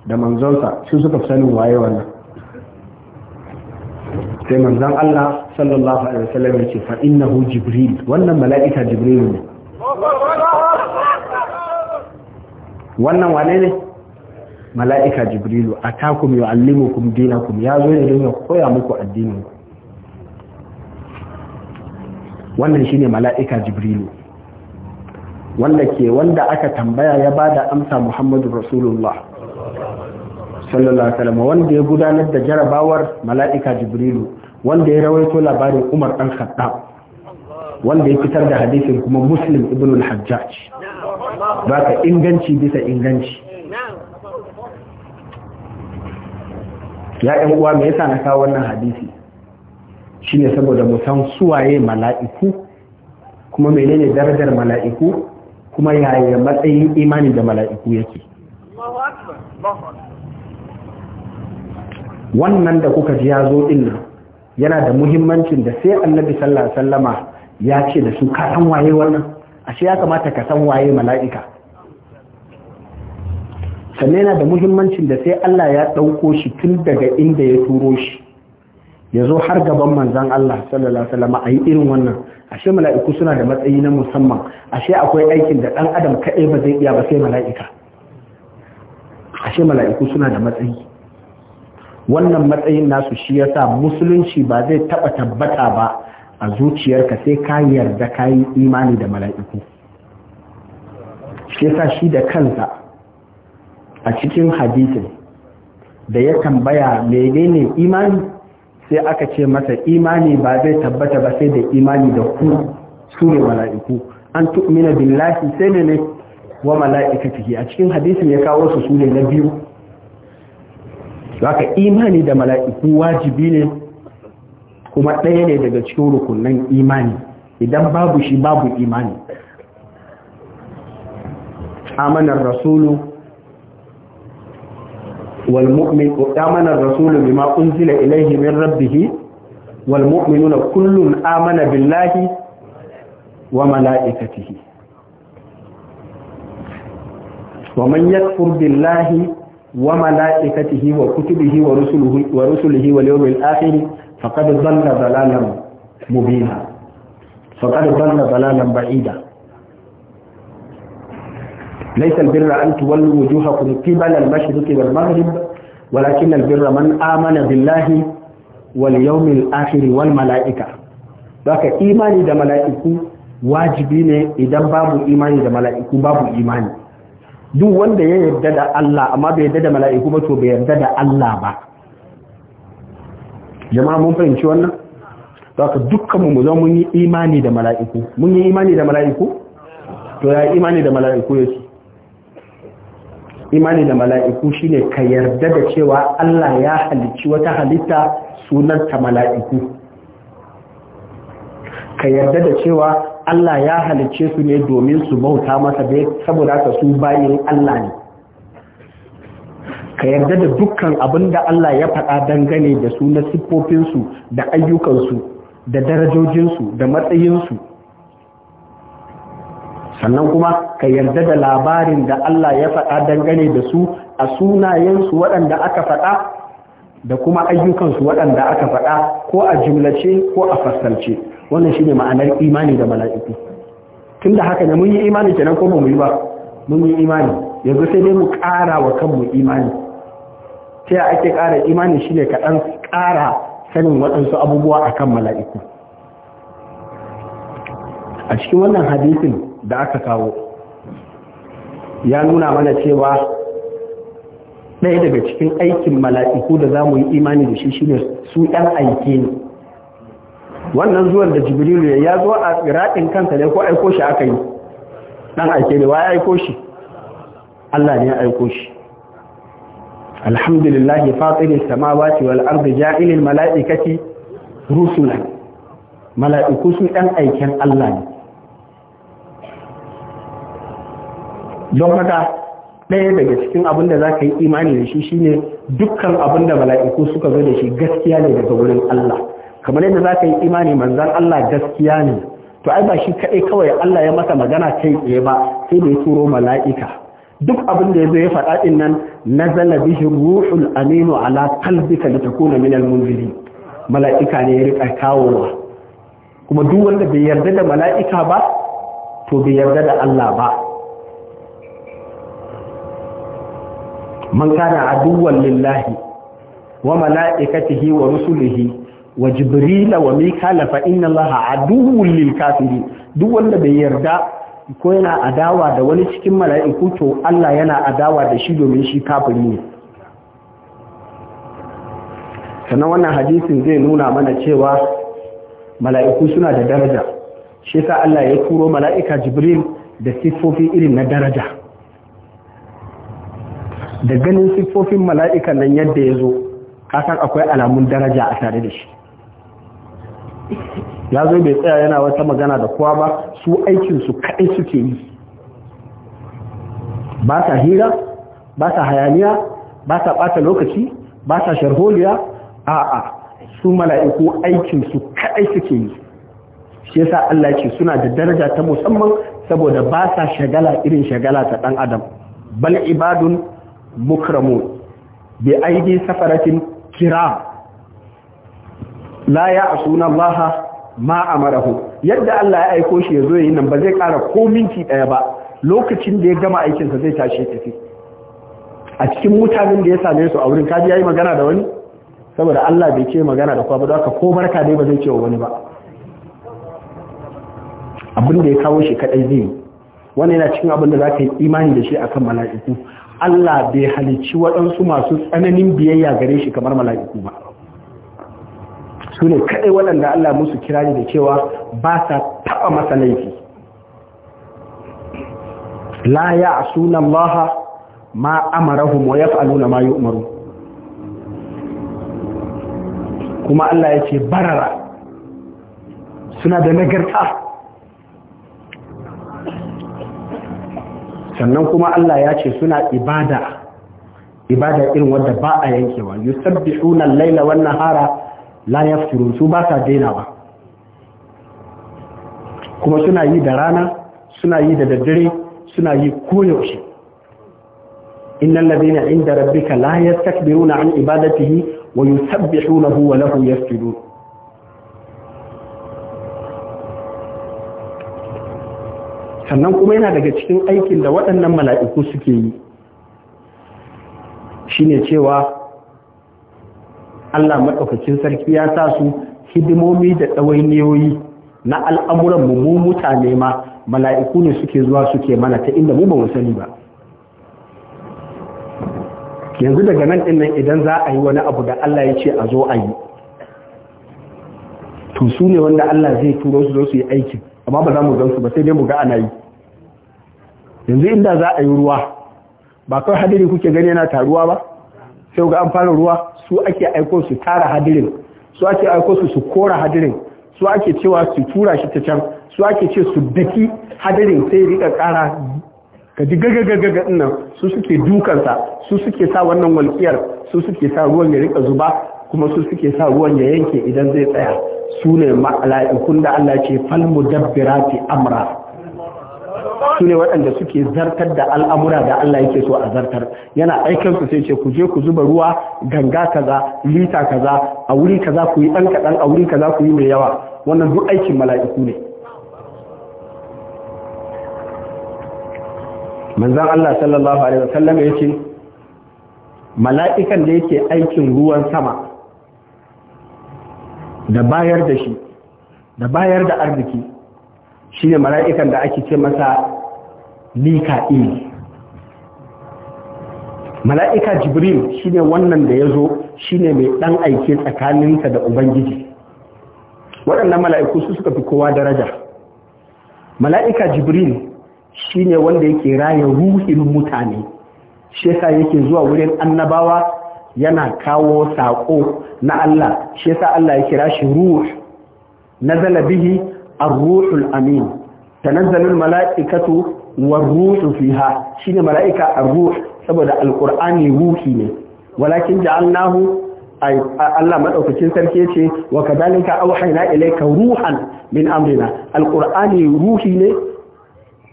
da manzonsa su suka fi sanin waye wannan sai manzon Allah sallallahu alaihi wasallam ya ce fa innahu jibril wannan mala'ika jibril ne wannan wane ne mala'ika jibrilu atakum dina dinakum ya zo ne don ya koya muku addinin wannan shine mala'ika jibrilu wanda ke wanda aka tambaya ya ba da amsa muhammadu rasulullah sallallahu alaihi wasallam wanda ya gudanar da jarabawar mala'ika jibrilu wanda ya rawaito labarin umar dan khattab wanda ya fitar da hadisin kuma muslim ibn al-hajjaj baka inganci bisa inganci ya ƴan uwa me yasa na kawo wannan hadisi shine saboda mu san suwaye mala'iku kuma menene darajar mala'iku kuma yaya matsayin imani da mala'iku yake wannan da kuka ji ya zo din yana da muhimmancin da sai annabi sallallahu alaihi ya ce da su ka san waye wannan ashe ya kamata ka san waye mala'ika sannan yana da muhimmancin da sai Allah ya ɗauko shi tun daga inda ya turo shi ya zo har gaban manzan Allah sallallahu alaihi wasallama a yi irin wannan ashe mala'iku suna da matsayi na musamman ashe akwai aikin da ɗan adam kaɗai ba zai iya ba sai mala'ika ashe mala'iku suna da matsayi wannan matsayin nasu shi yasa musulunci ba zai taɓa tabbata ba a zuciyarka sai ka yarda ka yi imani da mala'iku shi yasa shi da kansa a cikin hadisin da ya tambaya menene imani sai aka ce masa imani ba zai tabbata ba sai da imani da ku su ne mala'iku an tu'mina billahi sai ne ne wa mala'ikatihi a cikin hadisin ya kawo su su ne na biyu haka imani da mala'iku wajibi ne kuma ɗaya ne daga cikin rukunan imani idan babu shi babu imani amanar rasulu wal mu'min amana ar-rasul bima unzila min rabbih wal mu'minuna kullun amana billahi wa malaikatihi wa man yakfur billahi wa malaikatihi wa kutubihi wa rusulihi wa rusulihi wal ba'ida laysa albirra an tuwallu wujuhakum qibala al-mashriqi wal maghrib walakin albirra man amana billahi wal yawmil akhir wal mala'ika haka imani da mala'iku wajibi ne idan babu imani da mala'iku babu imani duk wanda ya yarda da Allah amma bai yarda da mala'iku ba to bai yarda da Allah ba jama'a mun fahimci wannan haka dukkanmu mu zo mun yi imani da mala'iku mun yi imani da mala'iku to ya imani da mala'iku yake imani da mala'iku ne ka yarda da cewa Allah ya halicci wata halitta sunanta mala'iku ka yarda da cewa Allah ya halicce su ne domin su bauta masa bai saboda ka su bayan Allah ne ka yarda da dukkan abin da Allah ya faɗa dangane da su na siffofinsu da ayyukansu da darajojinsu da matsayinsu sannan kuma ka yarda da labarin da Allah ya faɗa dangane da su a sunayensu waɗanda aka faɗa da kuma ayyukansu waɗanda aka faɗa ko a jimlace ko a fassarce wannan shi ne ma'anar imani da mala'iku Tun da haka ne mun yi imani kenan ko ba mu yi ba mun yi imani yanzu sai dai mu ƙara wa kanmu imani ta ake ƙara imani shi ne kaɗan ƙara sanin waɗansu abubuwa a kan mala'iku a cikin wannan hadisin da aka kawo ya nuna mana cewa ɗaya daga cikin aikin mala'iku da za mu yi imani da shi shine su ɗan aike ne wannan zuwan da jibrilu ya zo a raɗin kanta ne ko aiko shi aka yi ɗan aike ne wa ya aiko shi Allah ne ya aiko shi alhamdulillah ya sama ba ce wal’ar da ja'ilin mala'ikati rusulan mala'iku su ɗan aiken Allah ne don haka ɗaya daga cikin abin da za ka yi imani da shi shine dukkan abin da mala'iku suka zo da shi gaskiya ne daga wurin Allah kamar yadda za ka yi imani manzan Allah gaskiya ne to ai ba shi kaɗai kawai Allah ya masa magana kai tsaye ba sai da ya turo mala'ika duk abin da ya zo ya faɗa ɗin nan zala bihi ruhul aminu ala ta kuna minal munzili mala'ika ne ya rika kawowa kuma duk wanda bai yarda da mala'ika ba to bai yarda da Allah ba man kana aduwwan lillahi wa mala'ikatihi wa rusulihi wa jibrila wa mikala fa inna allaha lil kafirin duk wanda bai yarda ko yana adawa da wani cikin mala'iku to Allah yana adawa da shi domin shi kafiri ne sannan wannan hadisin zai nuna mana cewa mala'iku suna da daraja shi sa Allah ya turo mala'ika jibril da siffofi irin na daraja da ganin siffofin mala'ika nan yadda ya zo kasan akwai alamun daraja a tare da shi ya zo bai tsaya yana wata magana da kowa ba su aikinsu kaɗai suke yi ba sa hira ba sa hayaniya ba sa ɓata lokaci ba sa sharholiya a'a su mala'iku aikinsu kaɗai suke yi shi yasa Allah ce suna da daraja ta musamman saboda ba sa shagala irin shagala ta ɗan adam bal ibadun mukramun bi aiki safaratin kiram la ya asuna Allah ma marahu? yadda Allah ya aiko shi ya zo ya yi nan ba zai kara ko minti ɗaya ba lokacin da ya gama aikinsa zai tashi tafi a cikin mutanen da ya same su a wurin kaji yayi magana da wani saboda Allah bai ce magana da kowa ba haka ko barka dai ba zai ce wa wani ba abin da ya kawo shi kadai zai yi yana cikin abin da zaka yi imani da shi akan mala'iku Allah bai halicci waɗansu masu tsananin biyayya gare shi kamar mala'iku ba su ne kaɗai waɗanda Allah musu kira ni da cewa ba sa taɓa masa laifi la ya a sunan maha ma amarahu wa ya ma yi umaru kuma Allah ya ce barara suna da nagarta sannan kuma Allah ya ce suna ibada ibada irin wadda ba a yankewa yusabbihuna al-laila wan nahara la yafturun su ba sa daina ba kuma suna yi da rana suna yi da daddare suna yi koyaushe innal ladina inda rabbika la yastakbiruna an ibadatihi wa yusabbihunahu wa lahu yasjudun sannan kuma yana daga cikin aikin da waɗannan mala'iku suke yi Shi ne cewa Allah maɗaukacin sarki ya sa su hidimomi da ɗawainiyoyi na al'amuran mu mutane ma mala'iku ne suke zuwa suke mana ta inda mu ba sani ba yanzu daga nan ɗin nan idan za a yi wani abu da Allah ya ce a zo a yi to su ne wanda Allah zai turo su zo su yi aikin amma ba za mu gansu ba sai dai mu ga ana yi yanzu inda za a yi ruwa ba kawai hadiri kuke gani yana taruwa ba sai ga an fara ruwa su ake aiko su tara hadirin su ake aiko su su kora hadirin su ake cewa su tura shi ta can su ake ce su daki hadirin sai rika kara ka ji gagagagaga su suke dukansa su suke sa wannan walƙiyar su suke sa ruwan ya rika zuba kuma su suke sa ruwan ya yanke idan zai tsaya su ne mala'ikun da Allah ce falmu dabbirati amra su waɗanda suke zartar da al'amura da Allah yake so a zartar yana aikin su sai ce ku je ku zuba ruwa ganga kaza lita kaza a wuri kaza ku yi ɗan kaɗan a wuri kaza ku yi mai yawa wannan duk aikin mala'iku ne manzan Allah sallallahu Alaihi wasallam ya ce mala'ikan da yake aikin ruwan sama da bayar da shi da bayar da arziki shi ne mala'ikan da ake ce masa mika'il mala'ika jibril shi ne wannan da ya zo shi ne mai ɗan aiki tsakaninka da ubangiji waɗannan mala'iku su suka fi kowa daraja mala'ika jibril shi ne wanda yake raya ruhin mutane shi yake zuwa wurin annabawa yana kawo saƙo na Allah shi yasa Allah ya kira shi ruh nazala bihi ar-ruhul amin tanazzalul mala'ikatu war-ruhu fiha shine mala'ika ar-ruh saboda alqur'ani ruhi ne walakin ja'alnahu Allah madaukakin sarki yace wa kadhalika auhayna ilayka ruhan min amrina alqur'ani ruhi ne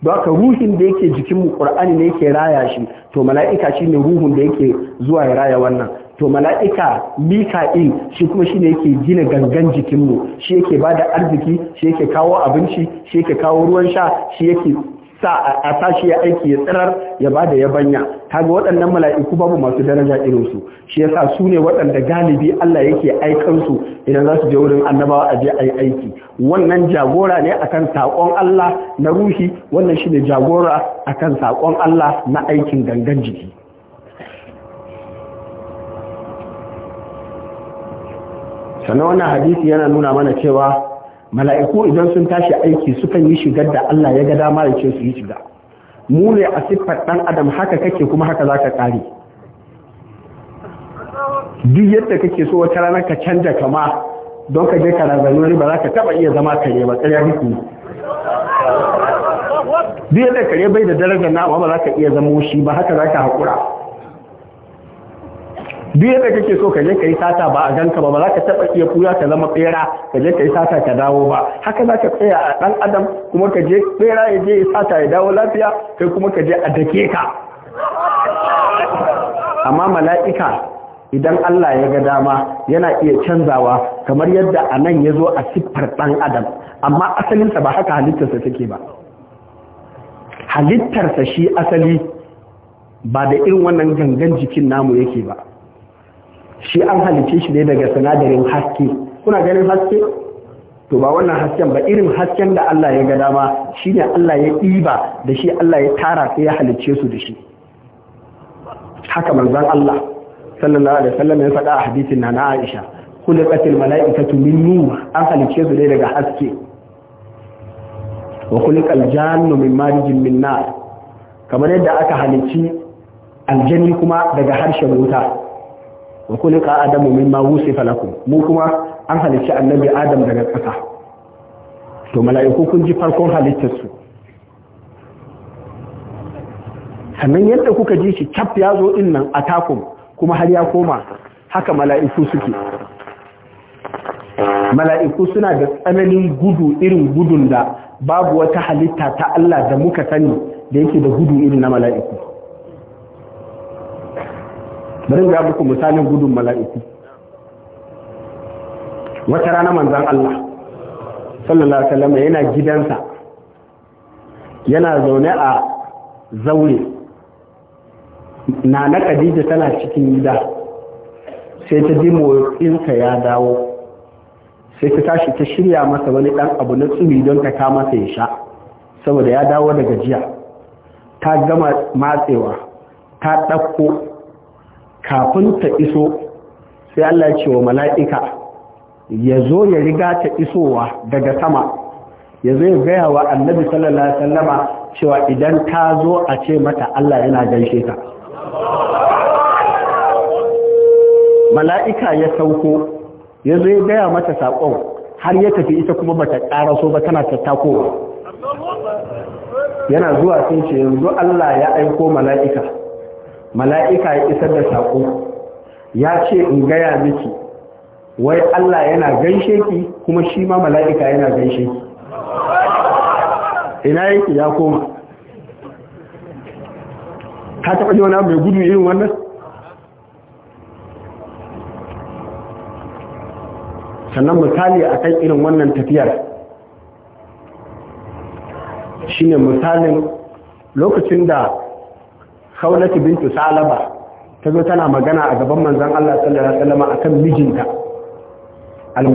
baka ka ruhin da yake jikin mu qur'ani ne yake raya shi to mala'ika shi ne ruhun da yake zuwa ya raya wannan to mala'ika mika'il shi kuma shi ne yake gina gangan jikinmu shi yake ba da arziki shi yake kawo abinci shi yake kawo ruwan sha shi yake sa a tashi ya aiki ya tsirar ya ba da yabanya kaga waɗannan mala'iku babu masu daraja irin su shi yasa su ne waɗanda galibi Allah yake aikan idan za su je wurin annabawa a je a yi aiki wannan jagora ne akan saƙon Allah na ruhi wannan shi ne jagora akan saƙon Allah na aikin gangan jiki sannan wannan hadisi yana nuna mana cewa mala'iku idan sun tashi aiki sukan yi shigar da Allah ya ga dama ya ce su yi shiga mu ne a siffar ɗan adam haka kake kuma haka za ka ƙare duk yadda kake so wata rana ka canja kama don ka je ka razani wani ba za ka taɓa iya zama kare ba tsariya duku duk yadda kare bai da darajar na ba za ka iya zama shi ba haka za ka haƙura duk da kake so ka je ka sata ba a ganka ba ba za ka taɓa iya kuya ka zama ɓera ka je sata ka dawo ba haka za ka tsaya a ɗan adam kuma ka je ɓera ya je sata ya dawo lafiya kai kuma ka je a dake ka amma mala'ika idan Allah ya ga dama yana iya canzawa kamar yadda a nan ya zo a siffar ɗan adam amma asalinsa ba haka halittarsa take ba halittarsa shi asali ba da irin wannan gangan jikin namu yake ba shi an halice shi ne daga sinadarin haske kuna ganin haske to ba wannan hasken ba irin hasken da Allah ya ga dama shine Allah ya ɗiba da shi Allah ya tara sai ya halice su da shi haka manzon Allah sallallahu alaihi wasallam ya faɗa a hadisin na na Aisha ƙasar mala'ikatu min nur an halice su ne daga haske wa khuliqal jannu min marijin min kamar yadda aka halici aljani kuma daga harshen wuta wa ka adamu mimma wusifa lakum mu kuma an halicci annabi adam daga kasa, to mala'iku kun ji farkon su, sannan yadda kuka ji shi cap ya zo din nan a kuma har ya koma haka mala'iku suke mala'iku suna da tsananin gudu irin gudun da babu wata halitta ta Allah da muka sani da yake da gudu irin na mala'iku bari ga muku misalin gudun mala'iku wata rana manzan Allah sallallahu alaihi wasallam yana gidansa yana zaune a zaure Nana Khadija tana cikin gida sai ta ji motsinsa ya dawo sai ta tashi ta shirya masa wani dan abu na tsumi don ta kama masa ya sha saboda ya dawo daga jiya ta gama matsewa ta ɗauko kafin ta iso sai Allah ya ce wa mala'ika ya zo ya riga ta isowa daga sama ya zo ya gaya wa annabi sallallahu alaihi cewa idan ta zo a ce mata Allah yana gaishe ta mala'ika ya sauko ya zo ya gaya mata saƙon har ya tafi ita kuma bata ƙaraso ba tana tattakowa yana zuwa sun ce yanzu Allah ya aiko mala'ika mala'ika ya isar da saƙo ya ce in gaya miki wai Allah yana gaishe ki kuma shi ma mala'ika yana gaishe ki ina yake ya koma ka taɓa wani abu mai gudu irin wannan sannan misali a kan irin wannan tafiyar shine misalin lokacin da kaunatu bintu salaba ta zo tana magana a gaban manzan Allah sallallahu alaihi a akan mijinta al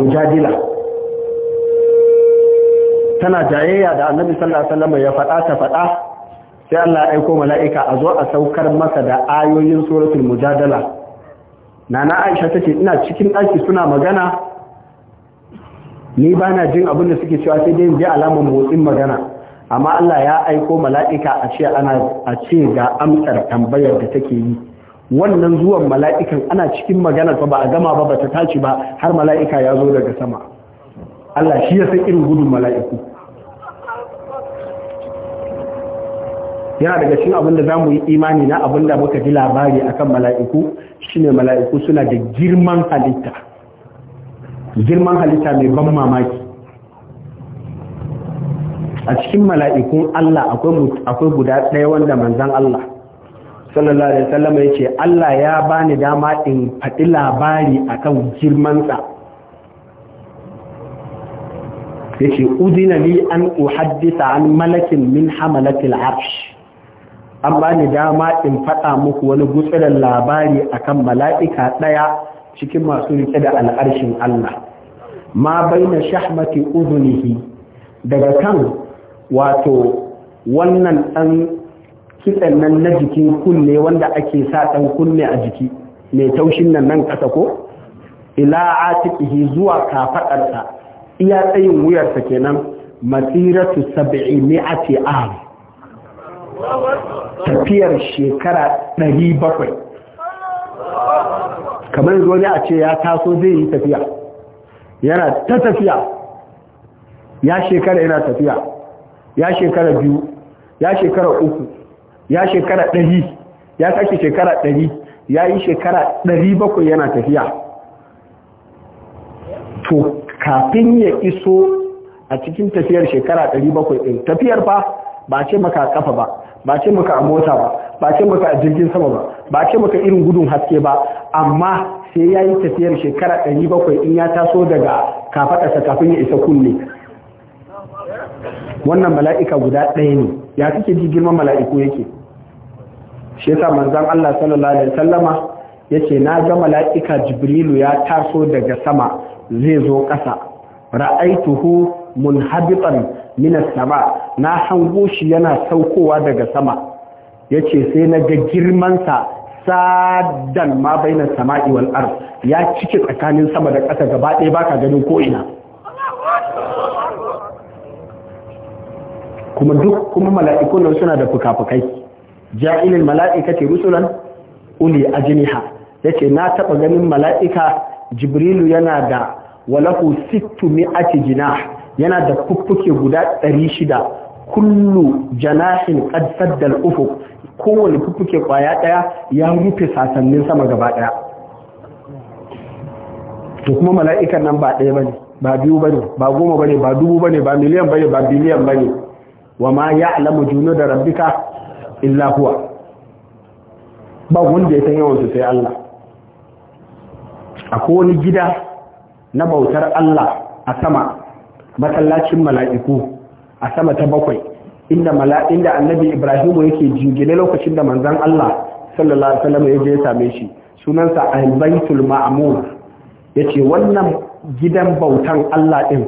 tana jayayya da annabi sallallahu alaihi wasallama ya faɗa ta faɗa sai Allah ya aiko mala'ika a zo a saukar masa da ayoyin suratul mujadala nana Aisha ta ce ina cikin ɗaki suna magana ni ba na jin abin da suke cewa sai dai in ji alamar motsin magana amma Allah ya aiko mala'ika a ce ana a ce ga amsar tambayar da take yi wannan zuwan mala'ikan ana cikin magana ba a gama ba ba ta tashi ba har mala'ika ya zo daga sama Allah shi ya san irin gudun mala'iku yana daga cikin abin da za mu yi imani na abin da muka ji labari akan mala'iku shine mala'iku suna da girman halitta girman halitta mai ban mamaki a cikin mala'ikun Allah akwai guda ɗaya wanda manzan Allah sallallahu alaihi wasallam ya ce Allah ya bani dama in faɗi labari akan girmansa ya ce udina li an uhaddisa an malakin min hamalatil arsh an bani dama in faɗa muku wani gutsirin labari akan mala'ika ɗaya cikin masu riƙe da al'arshin Allah ma bai na shahmati uzunihi daga kan wato wannan ɗan kitsen nan na jikin kunne wanda ake sa ɗan kunne a jiki mai taushin nan nan ƙasa ko ila atiqihi zuwa kafaɗarsa iya tsayin wuyarsa kenan masiratu sab'i mi'ati am tafiyar shekara ɗari bakwai kamar wani a ce ya taso zai yi tafiya yana ta tafiya ya shekara yana tafiya ya shekara biyu ya shekara uku ya shekara ɗari ya sake shekara ɗari ya yi shekara ɗari bakwai yana tafiya to kafin ya iso a cikin tafiyar shekara ɗari bakwai ɗin tafiyar fa ba ce maka kafa ba ba ce maka a mota ba ba ce maka a jirgin sama ba ba ce maka irin gudun haske ba amma sai ya yi tafiyar shekara ɗari bakwai in ya taso daga kafaɗarsa kafin ya isa kunne wannan mala'ika guda ɗaya ne ya suke ji girman mala'iku yake shi yasa manzon Allah sallallahu alaihi wasallama ce na ga mala'ika jibrilu ya taso daga sama zai zo ƙasa ra'aituhu munhabitan minas sama na hango shi yana saukowa daga sama Ya ce sai na ga girmansa sadan ma baina sama'i wal ard ya cike tsakanin sama da ƙasa gaba ɗaya baka ganin ko ina kuma duk kuma mala'ikun nan suna da fukafukai ja'ilin mala'ikati rusulan uli ajniha yace na taba ganin mala'ika jibrilu yana da walahu sittu mi'ati jinah yana da fuffuke guda 600 kullu janahin qad sadda al-ufuq kowane fuffuke kwaya daya ya rufe sasannin sama gaba daya to kuma mala'ikan nan ba daya bane ba biyu bane ba goma bane ba dubu bane ba miliyan bane ba biliyan bane wa ma ya'lamu da rabbika illa huwa ba wanda ya san yawan su sai Allah akwai wani gida na bautar Allah a sama masallacin mala'iku a sama ta bakwai inda mala'in annabi ibrahim yake jingine lokacin da manzon Allah sallallahu alaihi wasallam ya je ya same shi sunansa al-baitul ma'mur yace wannan gidan bautan Allah ɗin.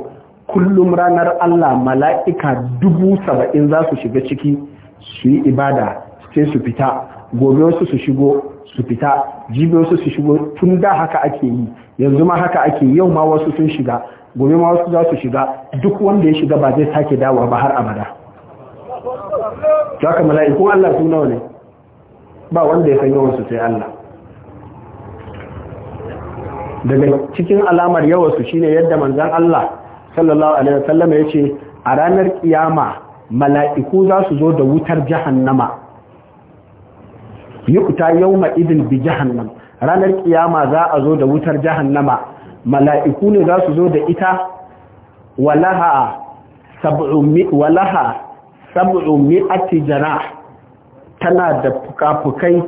kullum ranar Allah mala'ika dubu saba'in za su shiga ciki su yi ibada sai su fita gobe wasu su shigo su fita jibi wasu su shigo tun da haka ake yi yanzu ma haka ake yau ma wasu sun shiga gobe ma wasu za su shiga duk wanda ya shiga ba zai sake dawa ba har abada haka mala'ikun Allah su nawa ne ba wanda ya san su sai Allah daga cikin alamar yawansu shine yadda manzan Allah sallallahu alaihi sallama ya ce a ranar kiyama mala'iku za su zo da wutar jahannama yukta yawma idin bi jahannam ranar kiyama za a zo da wutar jahannama mala'iku ne za su zo da ita walaha mi walaha mi atijara tana da fukafukai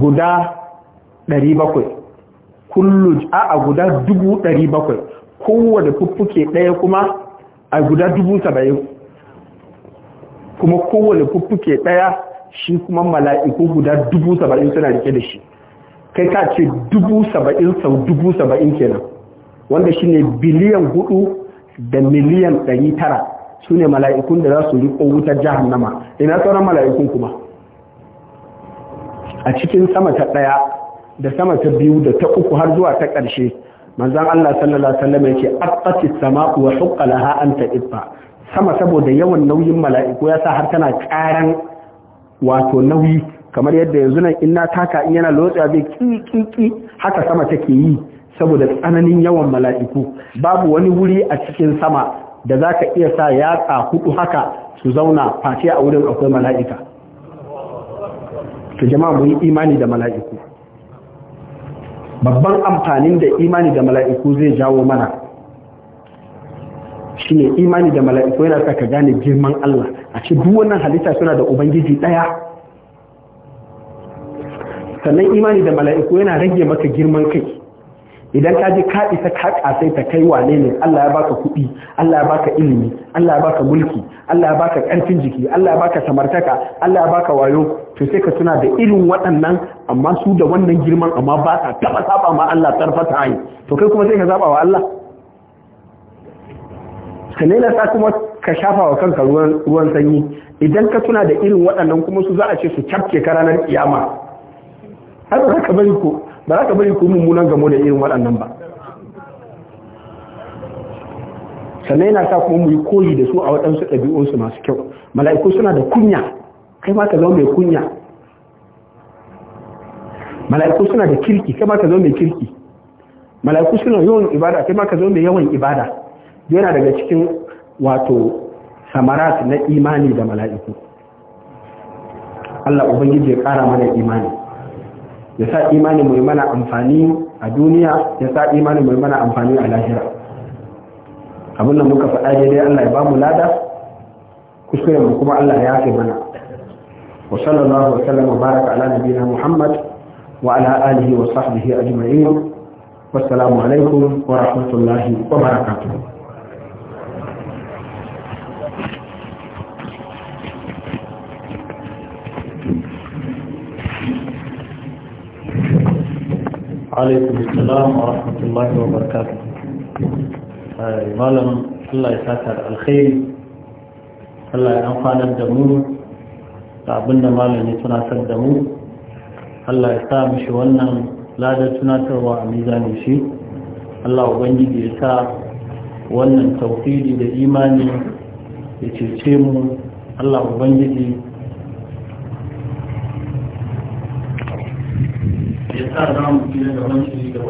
guda 700 kullu a guda 700 kowane fuffuke ɗaya kuma a guda dubu saba'in kuma kowane fuffuke ɗaya shi kuma mala'iku guda dubu saba'in suna rike da shi kai ka ce dubu saba'in sau dubu saba'in kenan wanda shi ne biliyan hudu da miliyan ɗari tara su ne mala'ikun da za su riko wutar jahannama ina sauran mala'ikun kuma a cikin sama ta ɗaya da sama ta biyu da ta uku har zuwa ta ƙarshe manzon Allah sallallahu alaihi wasallam yace aqqati as-sama'u wa huqqa laha an ta'ibba sama saboda yawan nauyin mala'iku ya sa har tana karan wato nauyi kamar yadda yanzu nan inna taka in yana lotsa zai kiki haka sama take yi saboda tsananin yawan mala'iku babu wani wuri a cikin sama da zaka iya sa yatsa hudu haka su zauna face a wurin akwai mala'ika to jama'a mu yi imani da mala'iku babban amfanin da imani da mala'iku zai jawo mana shi ne imani da mala'iku yana sa ka gane girman Allah a ce duk wannan halitta suna da ubangiji ɗaya. sannan imani da mala'iku yana rage maka girman kai idan ka je ka isa ka kasai ta kai wane ne Allah ya baka kuɗi Allah ya baka ilimi Allah ya baka mulki Allah ya baka ƙarfin jiki Allah ya baka samartaka Allah ya baka wayo to sai ka tuna da irin waɗannan amma su da wannan girman amma ba ka taɓa saba ma Allah tarfata hanyar to kai kuma sai ka saba wa Allah ka nena sa kuma ka shafa wa kanka ruwan sanyi idan ka tuna da irin waɗannan kuma su za a ce su cafke ka ranar kiyama har ka bari ko ba za ka bari ku mummunan gamo da irin waɗannan ba sannan yana sa kuma mu yi koyi da su a waɗansu ɗabi'unsu masu kyau mala'iku suna da kunya kai ma ka zama mai kunya mala'iku suna da kirki kai ma ka zama mai kirki mala'iku suna yawan ibada kai ma ka zama mai yawan ibada yana daga cikin wato samarat na imani da mala'iku Allah Ubangiji ya ƙara mana imani ya sa imanin mai mana amfani a duniya ya sa imanin mai mana amfani a lahira abin da muka faɗa daidai Allah ya ba mu lada kuskure mu kuma Allah ya yafe mana wa sallallahu wa sallam wa baraka ala nabiyina Muhammad wa ala alihi wa sahbihi ajma'in wassalamu alaikum wa rahmatullahi wa barakatuh alaikum assalam wa rahmatullahi wa barakatuh malam Allah ya saka da alkhairi Allah ya amfanar da mu da abinda malam ya tunatar da mu Allah ya sa mishi wannan ladar tunatarwa a mizani shi Allah ubangiji ya sa wannan tauhidi da imani ya cece mu Allah ubangiji sa za mu fi da wani da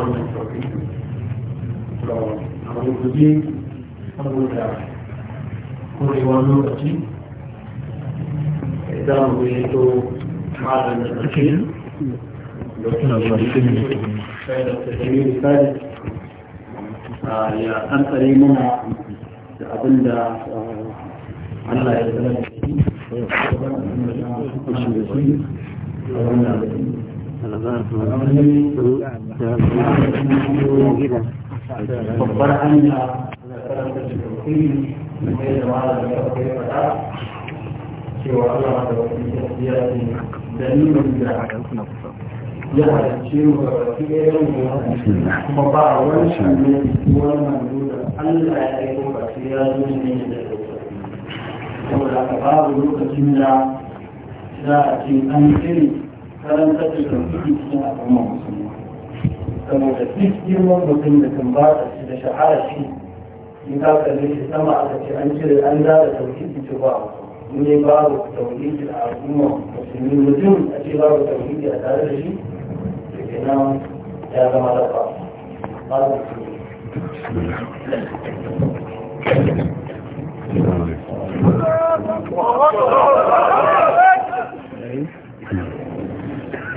wannan a rubuce saboda lokaci za mu yi to da tsarki da kuma da ta ya an tsare mana da abin da Allah ya zama da shi, da wanda da shi, da da shi, cewa Allah da wasu ya ce dalilin da ya halarci wa wasu ɗayan kuma ba wani shanin wannan nuna Allah ya yi kokaci ya zo ne da saboda ka babu lokacin da za a ce an irin فلم تتركوا في الاسلام عموما مسلما كما تكيس ديرمان وقيمة كمبار أسيد شعار الشيء لذلك الذي سمع لك أنجر الأنزال توحيد تباعه من يبار توحيد العظيم المسلمين وجود أجبار توحيد أدار الشيء لكنام يا رمى الله بعض بعض المسلمين Thank you.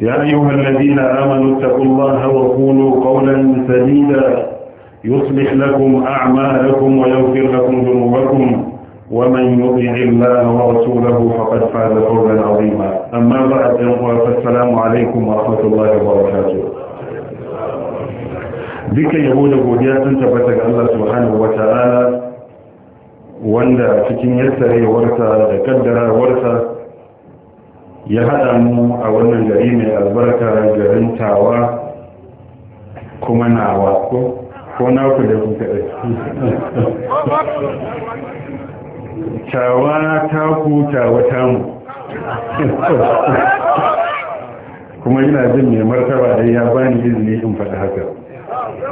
يا أيها الذين آمنوا اتقوا الله وقولوا قولا سديدا يصلح لكم أعمالكم ويغفر لكم ذنوبكم ومن يطع الله ورسوله فقد فاز فوزا عظيما أما بعد فالسلام عليكم ورحمة الله وبركاته dukkan يهود da godiya الله سبحانه وتعالى Allah subhanahu wata'ala ورثة cikin ورثة ya haɗa mu a wannan gari mai albarka garin tawa kuma nawa ko ko na ku da ku tawa ta ku tawa mu. kuma ina jin mai martaba da ya bani izini in faɗi haka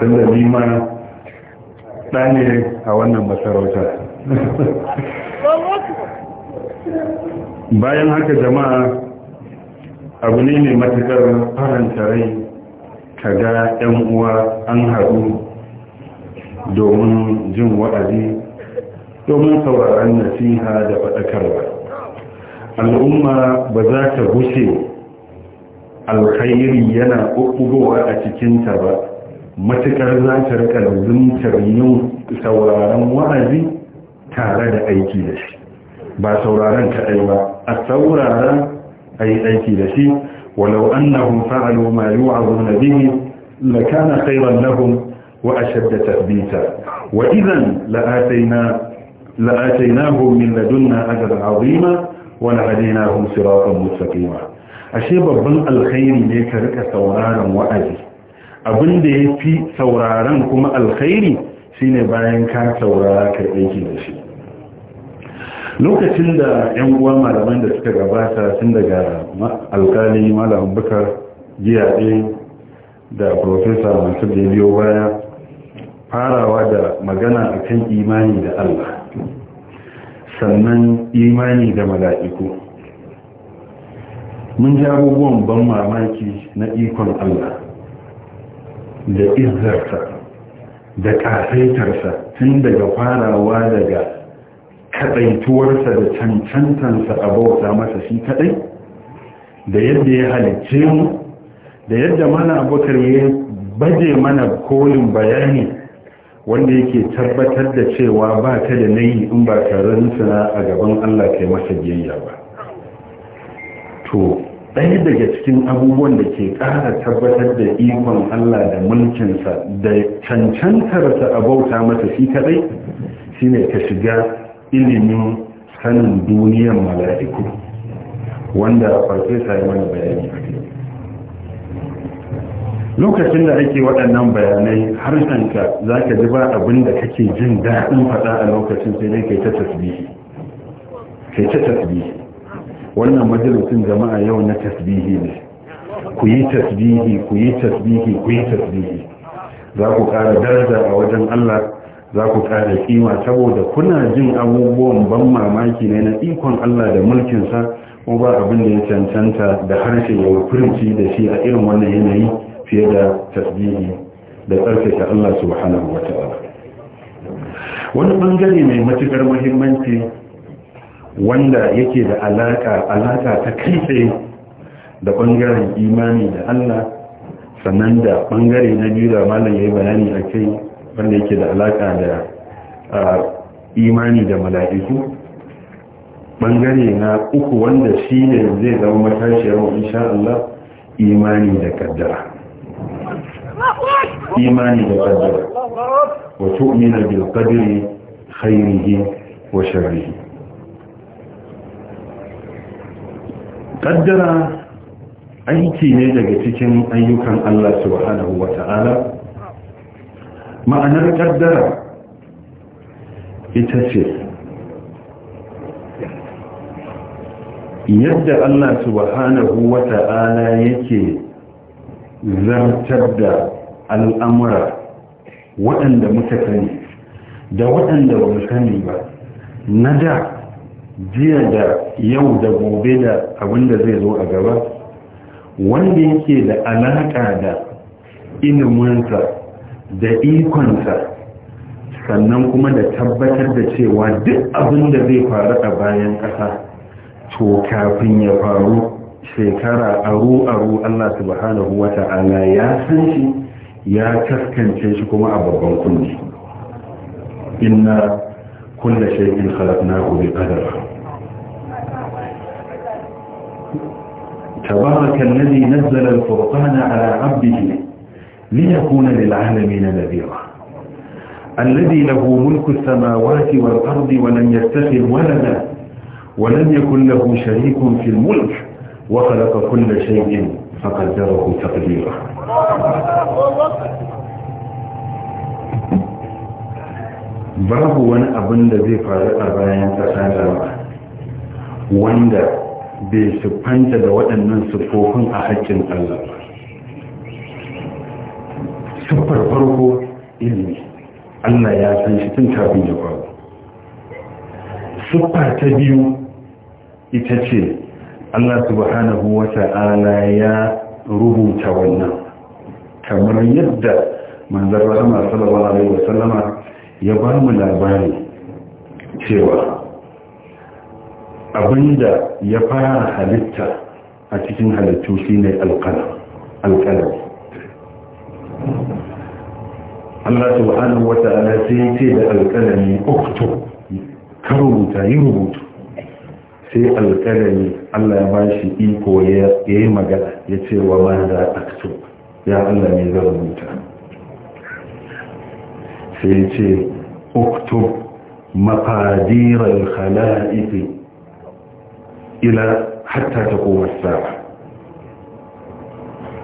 don da nima ɗa ne a wannan masarauta bayan haka jama'a abu ne mai matuƙar faranta rai ka ga 'yan uwa an haɗu domin jin wa'azi domin sauraron nasiha da faɗakarwa al'umma ba za ta gushe alkhairi yana ƙuɓɓugowa a cikinta ba matukar za ta rika zuntar yin sauraron wa'azi tare da aiki da shi ba sauraron kaɗai ba a saurara ayi aiki dashi. shi walau annahum fa'alu ma yu'azuna bihi lakana khayran ashe babban alkhairi ne ka rika wa'azi abin da fi sauraron kuma alkhairi shine bayan ka saurara ka aiki da shi lokacin da yan uwa malaman da suka gabata tun daga alkali malam bukar giyaɗe da profesa masu da biyo baya farawa da magana a kan imani da allah sannan imani da mala'iku mun ji abubuwan ban mamaki na ikon allah da izzarsa da kasaitarsa tun daga farawa daga kaɗaituwarsa da cancantansa a bauta masa shi kaɗai da yadda ya halicce mu da yadda mana abokar ya baje mana kolin bayani wanda yake tabbatar da cewa ba ta da nayi in ba taron a gaban Allah kai masa biyayya ba to ɗaya daga cikin abubuwan da ke ƙara tabbatar da ikon Allah da mulkinsa da cancantarsa a bauta masa shi kaɗai shine ka shiga ilimin sanin duniyar mala'iku wanda a farfesa yi mana bayani lokacin da ake waɗannan bayanai harshenka za ka ji ba abin da kake jin daɗin faɗa a lokacin sai dai kai ta tasbihi kai ta tasbihi wannan majalisun jama'a yau na tasbihi ne ku yi tasbihi ku yi tasbihi ku yi tasbihi za ku ƙara daraja a wajen Allah za ku kare kima saboda kuna jin abubuwan ban mamaki ne na ikon Allah da mulkinsa ko ba abin da ya cancanta da harshe ya furinci da shi a irin wannan yanayi fiye da tasbihi da tsarkake Allah subhanahu wa ta'ala wani bangare mai matukar muhimmanci wanda yake da alaƙa alaka ta kai tsaye da bangaren imani da Allah sannan da bangare na biyu da malam ya yi bayani a kai wanda yake da alaka da imani da mala'iku bangare na uku wanda shi ne zai zama matashiyar mu insha Allah imani da kaddara imani da kaddara wa tu'minu bil qadri khayrihi wa sharrihi kaddara aiki ne daga cikin ayyukan Allah subhanahu wa ta'ala ma'anar ƙaddara ita ce yadda Allah subhanahu wa ta'ala yake zartar da al'amura waɗanda muka sani da waɗanda ba mu sani ba na da jiya da yau da gobe da abinda zai zo a gaba wanda yake da alaƙa da iliminsa da ikonsa sannan kuma da tabbatar da cewa duk abin da zai faru a bayan ƙasa to kafin ya faru shekara aru-aru Allah subhanahu wa ta'ala ya san shi ya taskance shi kuma a babban kunni inna kulla shay'in khalaqnahu bi qadar تبارك الذي نزل الفرقان على عبده ليكون للعالمين نذيرا الذي له ملك السماوات والأرض ولم يتخذ ولدا ولم يكن له شريك في الملك وخلق كل شيء فقدره تقديرا babu wani abin da zai faru a bayan tsakadarwa wanda bai siffanta da waɗannan siffofin a haƙƙin Allah siffar farko ilimi Allah ya san shi tun kafin ya faru siffa ta biyu ita ce Allah subhanahu wa ta'ala ya rubuta wannan kamar yadda manzar rahama sallallahu alaihi wasallama ya ba mu labari cewa abinda ya fara halitta a cikin halittu shine alƙalam. Allah subhanahu wata'ala sai ya ce da alƙalami ukto ka rubuta yi rubutu sai alƙalami Allah ya bashi iko ya yi magana ya ce wa ma za a ya Allah ne zan rubuta sai ya ce ukto mafadirar khala'ifi ila hatta ta koma sa'a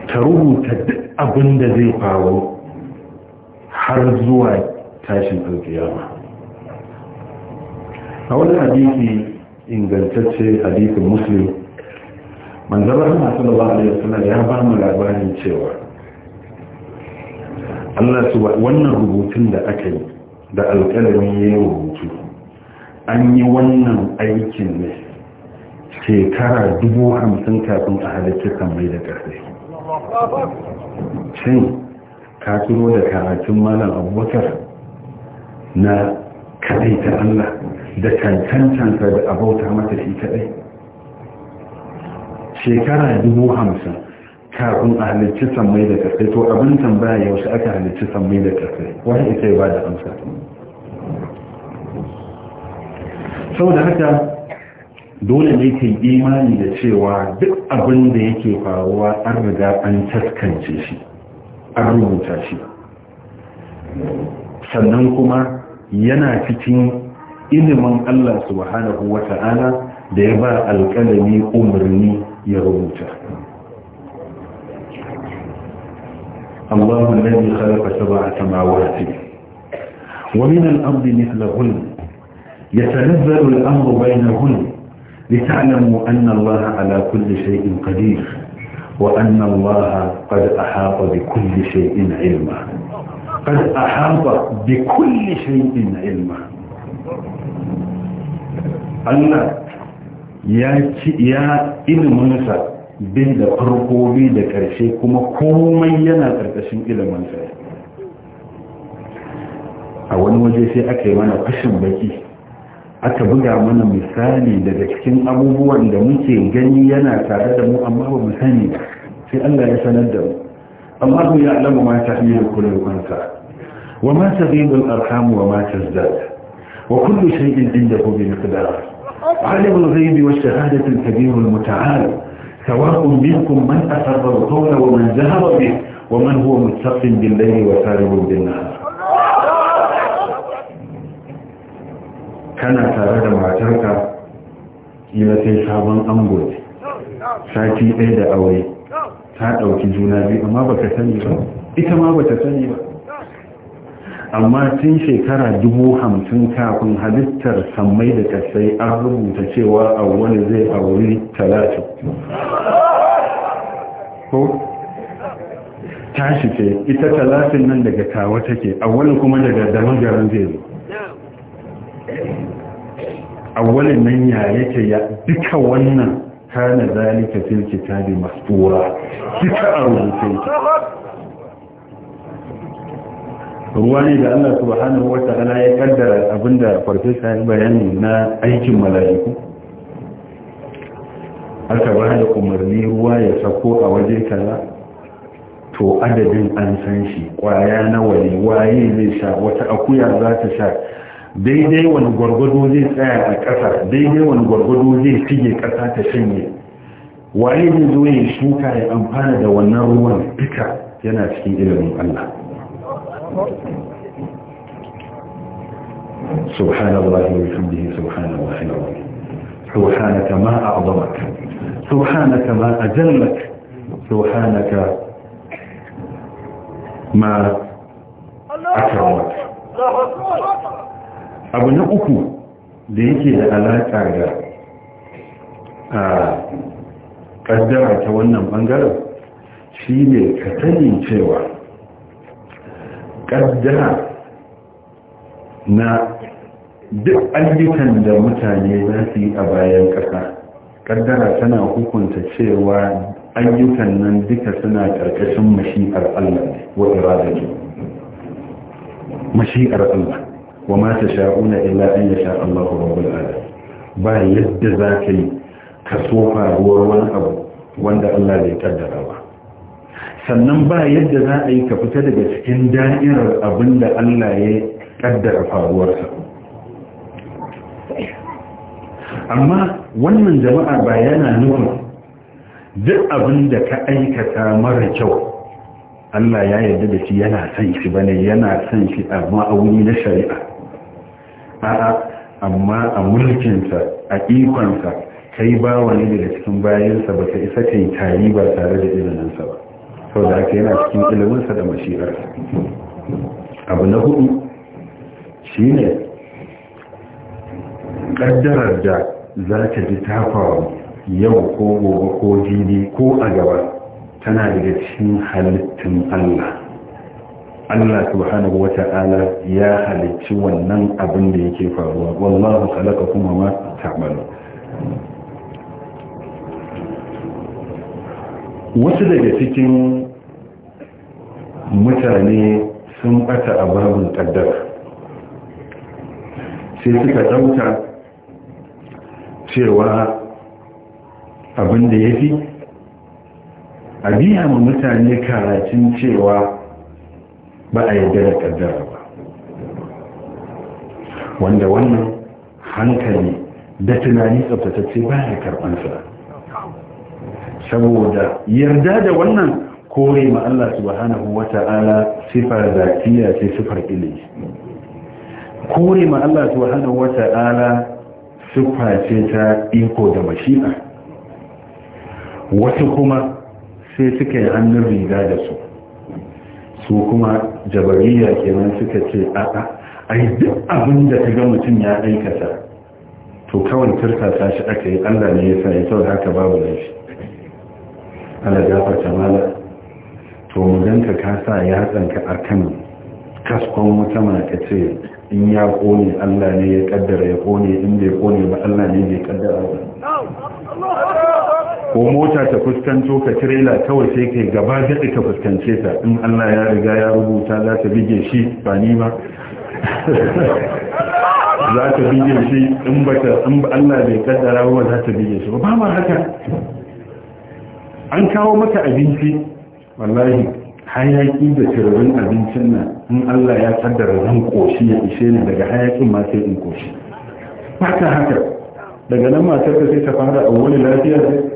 ka rubuta duk abin da zai faru har zuwa tashin alkiyama a wani hadisi ingantacce hadisin muslim manzan suna ba da suna ya ba mu labarin cewa Allah su wannan rubutun da aka yi da alƙalami ya yi rubutu an yi wannan aikin ne shekara dubu hamsin kafin a halittar mai da ƙarfi ka turo da karatun malam abubakar na kadai ta Allah da cancantansa da abauta mata shi kadai shekara dubu hamsin kafin a halicci sammai da kasai to abin tambaya yaushe aka halicci sammai da kasai wani ita ba da amsa saboda haka dole ne ke imani da cewa duk abin da yake faruwa an riga an taskance shi rubuta shi sannan kuma yana cikin ilimin Allah subhanahu wa ta'ala da ya ba alƙalami umarni ya rubuta Allahun lalli khalaqa sab'a samawati wa min al-ardi mithlahun yatanazzalu al-amru bainahun لتعلموا أن الله على كل شيء قدير وأن الله قد أحاط بكل شيء علما قد أحاط بكل شيء علما الله ya iliminsa bin da farko bi da ƙarshe kuma komai yana ƙarƙashin iliminsa a wani waje sai aka yi mana fashin baki aka buga mana misali daga cikin abubuwan da muke gani yana tare da mu amma ba mu sani ba sai Allah ya sanar da mu amma ku ya alamu ma ta hiyar kullu kansa wa ma ta al arham wa ma ta zaddad wa kullu shay'in indahu bi miqdar minkum man والشهادة al qawla wa man zahara أسر wa man huwa به bil layli wa بالليل bin nahar kana tare da matarka kila sai sabon ango sati ɗaya da aure ta ɗauki juna biyu amma ba ka sani ba ita ma ba ta sani ba amma tun shekara dubu hamsin kafin halittar sammai da kasai an rubuta cewa a wani zai auri talatin ko tashi ce ita talatin nan daga tawa take a wani kuma daga damagaran zai zo awwalin nan ya yake ya duka wannan kana zalika fil kitabi mastura duka a rubuce ruwa ne da Allah subhanahu wa ta'ala ya kaddara abinda farfesa ya bayani na aikin mala'iku aka ba da umarni ruwa ya sako a waje kaza to adadin an san shi kwaya nawa ne waye zai sha wata akuya za ta sha daidai wani gwargwado zai tsaya a ƙasa daidai wani gwargwado zai fige ƙasa ta shanye waye zai zo ya shuka ya amfana da wannan ruwan duka yana cikin ilimin Allah سبحان الله وبحمده سبحان الله العظيم سبحانك ما أعظمك سبحانك ما أجلك abu na uku da yake da alaƙa da a ƙaddara ta wannan ɓangaren shi ne ka cewa ƙaddara na duk ayyukan da mutane za su yi a bayan ƙasa ƙaddara tana hukunta cewa ayyukan nan duka suna ƙarƙashin mashi'ar Allah wa iradaki mashi'ar Allah wa ma tasha'una illa an yasha allah rabbul alamin ba yadda za ka yi ka so faruwar wani abu wanda Allah bai kaddara ba sannan ba yadda za a yi ka fita daga cikin da'irar abin da Allah ya kaddara faruwarsa amma wannan jama'a ba yana nufin duk abin da ka aikata mara kyau Allah ya yarda da shi yana son shi bane yana son shi a ma'auni na shari'a a'a amma a mulkinsa a ikonsa kai bawa ne daga cikin bayansa ba ta isa ta yi tari ba tare da iliminsa ba sau da aka yana cikin iliminsa da mashi'arsa abu na hudu shi ne ƙaddarar da za ta ji tafawa yau ko gobe ko jini ko a gaba tana daga cikin halittun allah Allah subhanahu wa ta'ala ya halicci wannan abin da yake faruwa wallahu khalaqa kuma ma ta'malu wasu daga cikin mutane sun bata a babin sai suka dauka cewa abin da yafi a biya ma mutane karacin cewa ba a yarda da kaddara ba wanda wannan hankali da tunani tsabtatacce ba ya karɓansa saboda yarda da wannan kore ma Allah subhanahu wa ta'ala sifar zatiya sai sifar ilimi kore ma Allah subhanahu wa ta'ala siffa ce ta iko da mashi'a wasu kuma sai suka yi hannun riga da su su kuma jabariya kenan suka ce a'a ai duk abin da ga mutum ya aikata to kawai ta shi aka yi Allah ne ya sa ya saboda haka babu laifi Allah gafarta mala to mu ganka ka sa ya tsanka akan kaskon wuta mana ka ce in ya kone Allah ne ya kaddara ya kone inda ya kone ba Allah ne bai kaddara ba ko mota ta fuskanto ka tirela kawai sai kai gaba daɗi ka fuskance ta in Allah ya riga ya rubuta za ta bige shi ba ni ba za ta bige shi in ba ta in Allah bai kaddara ba za ta bige shi ba ma haka an kawo maka abinci wallahi hayaki da tirarin abincin nan in Allah ya kaddara zan koshi ya ishe ni daga hayakin ma sai in koshi ba ta haka daga nan matar ka sai ta fara a wani lafiya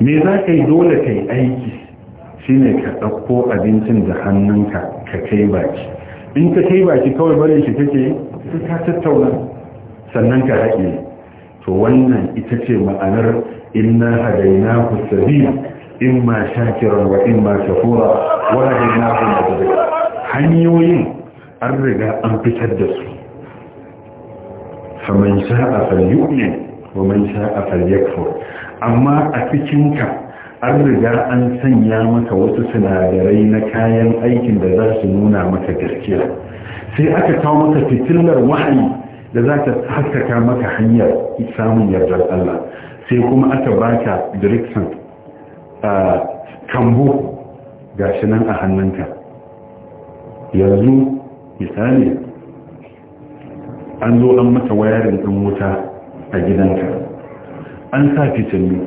me za ka yi dole ka yi aiki shine ka ɗauko abincin da hannunka ka kai baki in ka kai baki kawai bari shi kake sai ka tattauna sannan ka haƙe to wannan ita ce ma'anar inna hadaina ku sabila imma shakiran wa imma shakura wa hadaina ku mutadai hanyoyin an riga an fitar da su faman sha'a falyu'min wa man sha'a amma a cikinka an riga an sanya maka wasu sinadarai na kayan aikin da za su nuna maka gaskiya sai aka kawo maka fitilar wahayi da za ta haskaka maka hanyar samun yardar Allah sai kuma aka baka direction a kambo gashi nan a hannunka yanzu misali an zo an maka wayarin ɗin wuta a gidanka an sa fitilu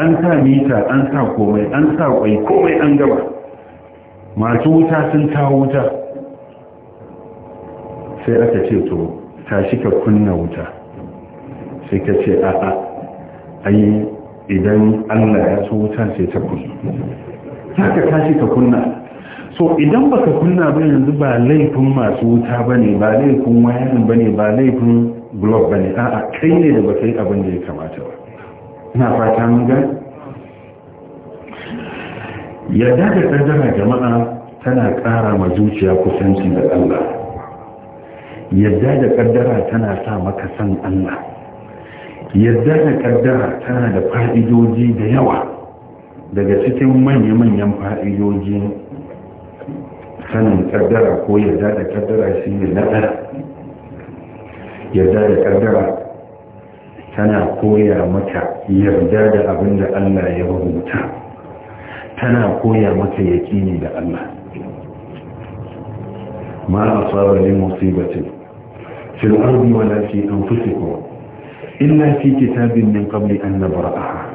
an sa mita an sa komai an sa kwai komai an gaba masu wuta sun ta wuta sai aka ce to tashi ka kunna wuta sai ka ce a'a ayi idan allah ya su wuta sai ta kunna ta tashi ka kunna so idan ba ka kunna ba yanzu ba laifin masu wuta ba ne ba laifin wayanin ba ne ba laifin blog ba ne a'a kai ne da ba sai abin da ya kamata ba ina fata ga yadda da kaddara jama'a tana kara ma zuciya kusanci da Allah yadda da kaddara tana sa maka san Allah yadda da kaddara tana da fa'idoji da yawa daga cikin manya-manyan fa'idoji sanin kaddara ko yadda da kaddara shi ne na ɗara yadda da kaddara tana koya maka yarda da abin da Allah ya rubuta tana koya maka yakini da Allah ma a tsarin musibatin fil ardi wala fi anfusikum illa fi kitabin min qabli an nabra'aha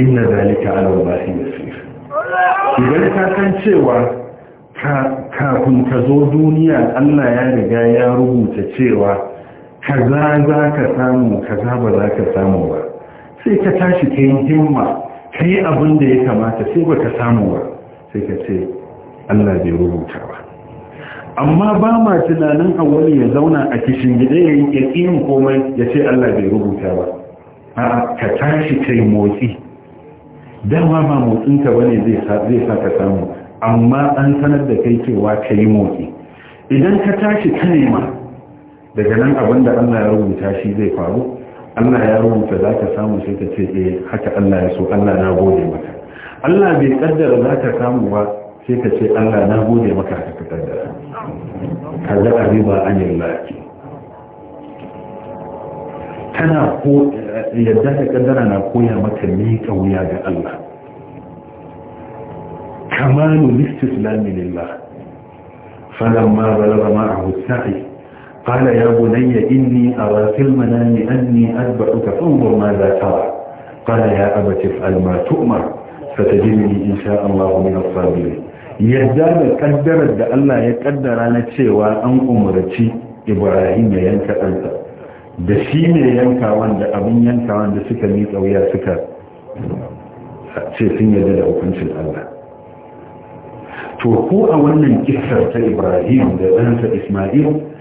inna zalika ala allahi yasir idan ka san cewa kafin ka zo duniya Allah ya riga ya rubuta cewa kaza za ka samu kaza ba za ka samu ba sai ka tashi ka yi himma ka yi abin da ya kamata sai ba ka samu ba sai ka ce Allah bai rubuta ba amma ba ma tunanin awali ya zauna a kishin gida ya yi komai ya ce Allah bai rubuta ba a ka tashi ka yi motsi dama ba motsinka ba ne zai sa ka samu amma an sanar da kai cewa ka yi motsi idan ka tashi ka nema daga nan abin da Allah ya rubuta shi zai faru Allah ya rubuta za ka samu sai ka ce e, haka Allah ya so Allah na gode maka Allah bai kaddara za ka samu ba sai ka ce Allah na gode maka haka ka kaddara kaza ariba an yallaki tana ko yadda ka kaddara na koya maka ne kauya ga Allah kamalu listislami lillah falamma balagha ma'ahu sa'i قال يا بني إني أرى في المنام أني أذبحك فانظر ماذا ترى قال يا أبت افعل ما تؤمر فتجدني إن شاء الله من الصابرين yadda da kaddarar da Allah ya kaddara na cewa an umarci Ibrahim ya yanka ɗansa da shi ne yanka wanda abin yanka wanda suka miƙa wuya suka ce sun yadda da hukuncin Allah to ko a wannan kissar ta Ibrahim da ɗansa Ismail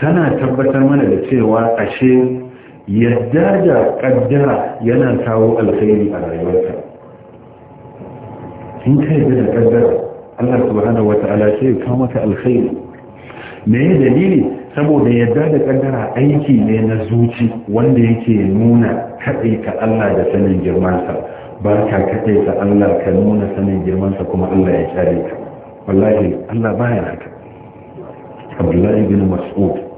tana tabbatar mana da cewa ashe yadda da kaddara yana kawo alkhairi a rayuwarka in ka yadda da kaddara Allah subhanahu wata'ala sai ya kawo maka alkhairi me ya dalili saboda yadda da kaddara aiki ne na zuci wanda yake nuna kaɗai ka Allah da sanin girmansa ba ka kaɗai ka Allah ka nuna sanin girmansa kuma Allah ya kyale ka wallahi Allah baya haka Abdullahi bin Mas'ud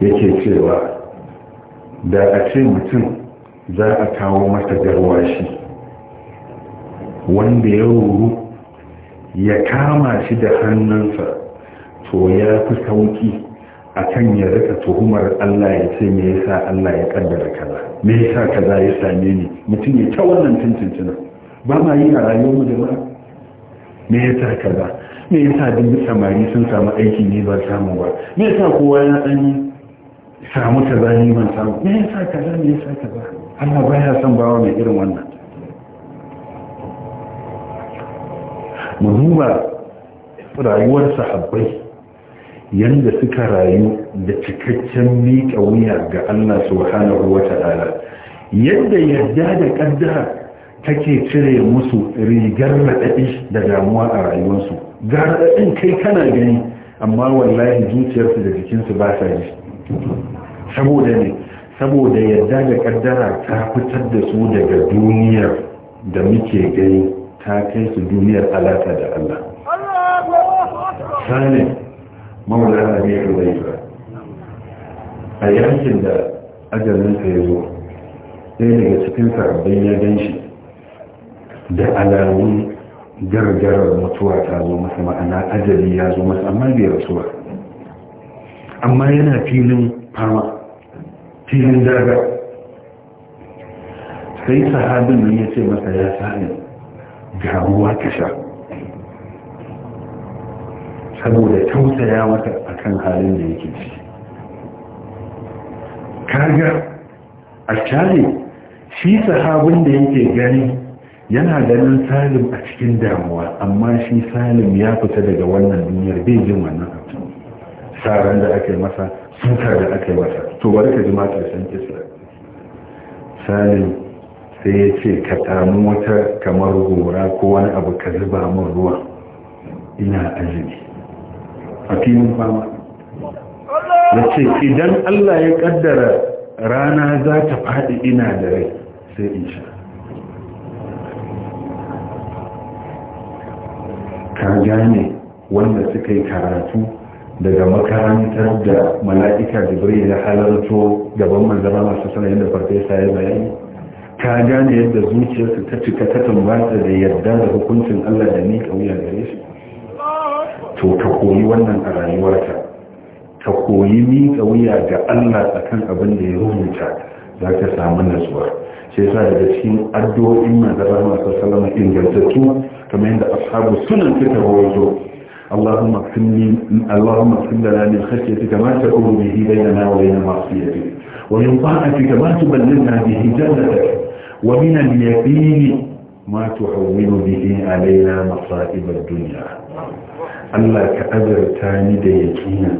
yake cewa da a ce mutum za a kawo masa garwashi wanda ya ruru ya kama shi da hannunsa to ya fi sauki a kan ya rika tuhumar Allah ya ce me yasa Allah ya kaddara kaza me yasa kaza ya same ni mutum ya ta wannan tuntuntuna ba ma yi a rayuwar ba. me yasa kaza me yasa dinga samari sun samu aiki ne ba samu ba me yasa kowa ya ɗanyi samu ta zani man samu me yasa ya sa ka ba Allah ya son bawa mai irin wannan mu duba rayuwar sahabbai yanda suka rayu da cikakken miƙa wuya ga Allah subhanahu Ta'ala yadda yadda da ƙadda take cire musu rigar raɗaɗi da damuwa a rayuwarsu ga raɗaɗin kai kana gani amma wallahi zuciyarsu da jikinsu ba sa saboda ne saboda yadda da kaddara ta fitar da su daga duniyar da muke gani ta kai su duniyar alaka da Allah sani maulana ne ya zai a yankin da ajalinsa ya zo ɗaya daga cikin sarabbin ya gan shi da alamun gargarar mutuwa ta zo masa ma'ana ajali ya zo masa amma bai rasuwa amma yana filin fama filin daga sai sahabin nan ya ce masa ya sani ga ta sha saboda tausaya mata a kan halin da yake ci kaga a cari shi sahabin da yake gani yana ganin salim a cikin damuwa amma shi salim ya fita daga wannan duniyar bai jin wannan saran da ake masa sukar da ake masa to bari ka ji matar san kisa salim sai ya ce ka samu wata kamar gora ko wani abu ka zuba min ruwa ina azumi a filin fama ya ce idan allah ya kaddara rana za ta faɗi ina da rai sai in sha ka gane wanda suka yi karatu daga makarantar da mala'ika jibril ya halarto gaban manzara masu sanayin da farfesa ya bayani ka gane yadda zuciyarsa ta cika ta tambata da yadda da hukuncin allah da ni kauya gare shi to ka koyi wannan a rayuwarta, ka koyi ni wuya ga allah a kan abin da ya rubuta za ka samu nasuwa sai sa daga cikin addu'o'in manzara masu salama ingantattu kamar yadda ashabu sunan fitar rawaito اللهم اغفر لي اللهم اغفر لنا من خشيتك ما تكون به بيننا وبين معصيتك ومن طاعتك ما تبلغنا به جنتك ومن اليقين ما تحول به علينا مصائب الدنيا الله كأذرتاني دا يكينا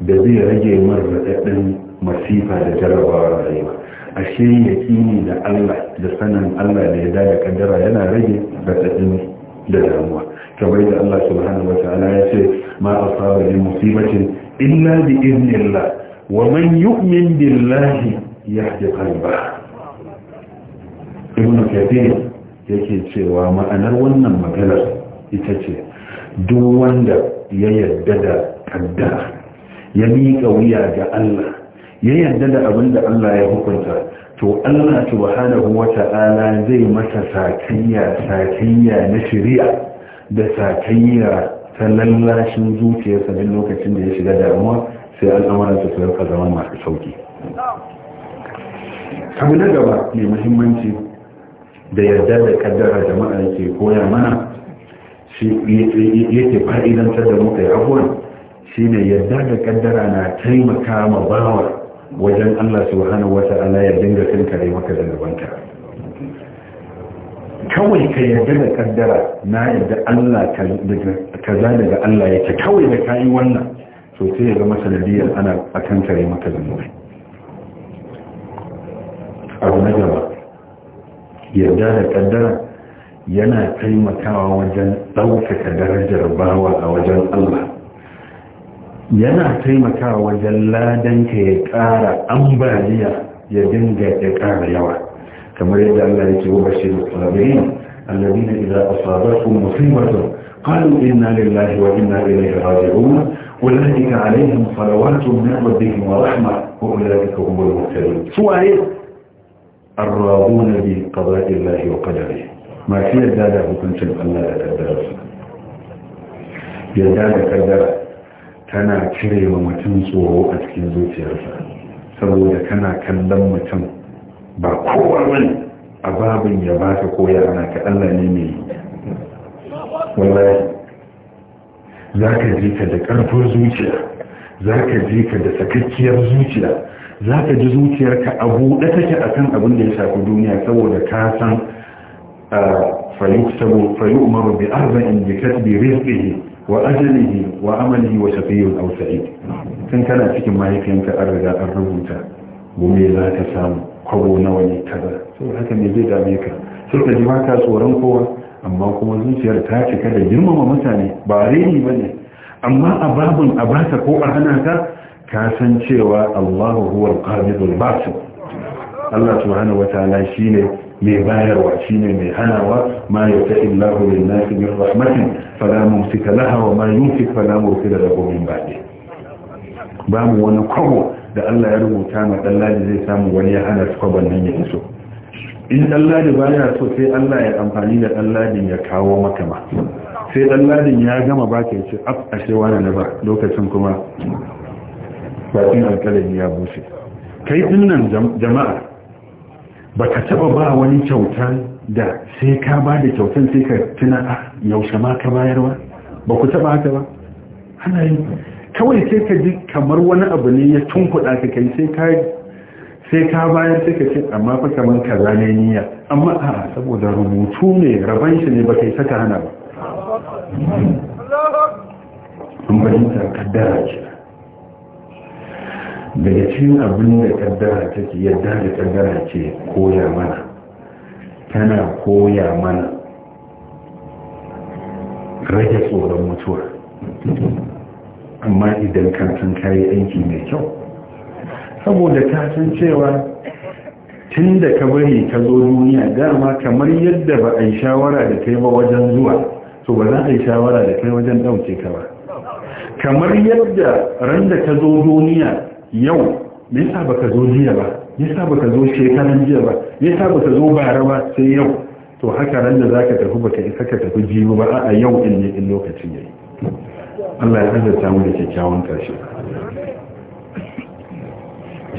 بذي zai مرة min مصيفة لجربة da jarabawa يكيني ashe لسنن da Allah da sanin Allah da ya da kaddara kamar da Allah subhanahu wa ya ce ma asaba min musibatin illa bi wa man yu'min billahi yahdi qalba ibn kathir yake cewa ma'anar wannan maganar ita ce duk wanda ya yarda da kaddara ya miƙa wuya ga Allah ya yarda da abin da Allah ya hukunta to Allah subhanahu zai masa sakayya sakayya na shari'a da sakayya ta lallashin zuciya duk lokacin da ya shiga damuwa sai al'amuransa su rika zama masu sauki abu na gaba mai muhimmanci da yarda da kaddara jama'a yake koya mana shi yake fa'idantar da muka yi abuwan shi ne yarda da kaddara na taimaka ma bawa wajen Allah su subhanahu wa ta'ala ya dinga kankare maka da gabanka kawai ka yarda da kaddara na yarda Allah za daga Allah yake kawai da kayi wannan Sosai sai ya zama sanadiyar ana kan kare maka zanurai abu na gaba yarda da kaddara yana taimakawa wajen ɗaukaka darajar bawa a wajen Allah yana taimakawa wajen ladanka ya ƙara ambaliya ya dinga ya ƙara yawa كما يدعى الله يتوبشر الصابرين الذين إذا أصابتهم مصيبة قالوا إنا لله وإنا إليه راجعون أولئك عليهم صلوات من ربهم ورحمة وأولئك هم المهتدون سؤال الراضون بقضاء الله وقدره ما في يدالا كنت الله تقدر يدالا كدر كان كريم ومتن صورو أتكين زوتي رفع saboda kana kallon ba kowa wani a babin ya ba ka koya na ka Allah ne mai wallahi za ka ji ka da ƙarfin zuciya za ka ji ka da sakakkiyar zuciya za ka ji zuciyarka a buɗe take a kan abin da ya shafi duniya saboda ka san fayu umaru bi in bi katbi rizqihi wa ajalihi wa amalihi wa shafiyyun al-awsa'i tun kana cikin mahaifiyanka an riga an rubuta me za ka samu kwabo nawa ne kaza da haka ne zai dame ka sai ka ji baka tsoron kowa amma kuma zuciyar ta cika da girmama mutane ba reni ba ne amma a babin a ta ko a hana ka ka san cewa Allahu huwal qabidul basu Allah subhanahu wataala shine mai bayarwa shine mai hanawa ma yata illahu lin nasi min rahmatin fala mumsika laha wa ma yumsik fala mursila lahu min ba'di babu wani kwabo da Allah ya rubuta ma ɗanladi zai samu wani ya hana su nan ya iso in ɗanladi ba ya so sai Allah ya amfani da ɗanladin ya kawo maka ma sai ɗanladin ya gama ba ka ce af a shewa na ba lokacin kuma bakin alƙalami ya bushe kai dinnan jama'a ba ka taɓa ba wani kyauta da sai ka ba da kyautan sai ka tuna a ah, yaushe ma ka bayarwa ba ku taɓa haka ba ana yi kawai sai ka ji kamar wani abu ne ya kuɗa ka kai sai ka bayan sai ka ce amma fa kamar kaza ne niyya amma a saboda rubutu ne raban shi ne ba kai saka hana ba an ta kaddara ce daga cikin abin da kaddara take yadda da kaddara ce koya mana tana koya mana rage tsoron mutuwa amma idan ka san kayi aiki mai kyau saboda ka san cewa tun da ka bari ka zo duniya dama kamar yadda ba a yi shawara da kai ba wajen zuwa to ba za a yi shawara da kai wajen ɗauke ka ba kamar yadda ran da ka zo duniya yau me yasa baka zo jiya ba me yasa baka zo shekaran jiya ba me yasa baka zo bara ba sai yau to haka ran da zaka tafi baka isa ka tafi jibi ba a'a yau in ne in lokacin yayi Allah ya azarta samun da kyakkyawan ƙarshe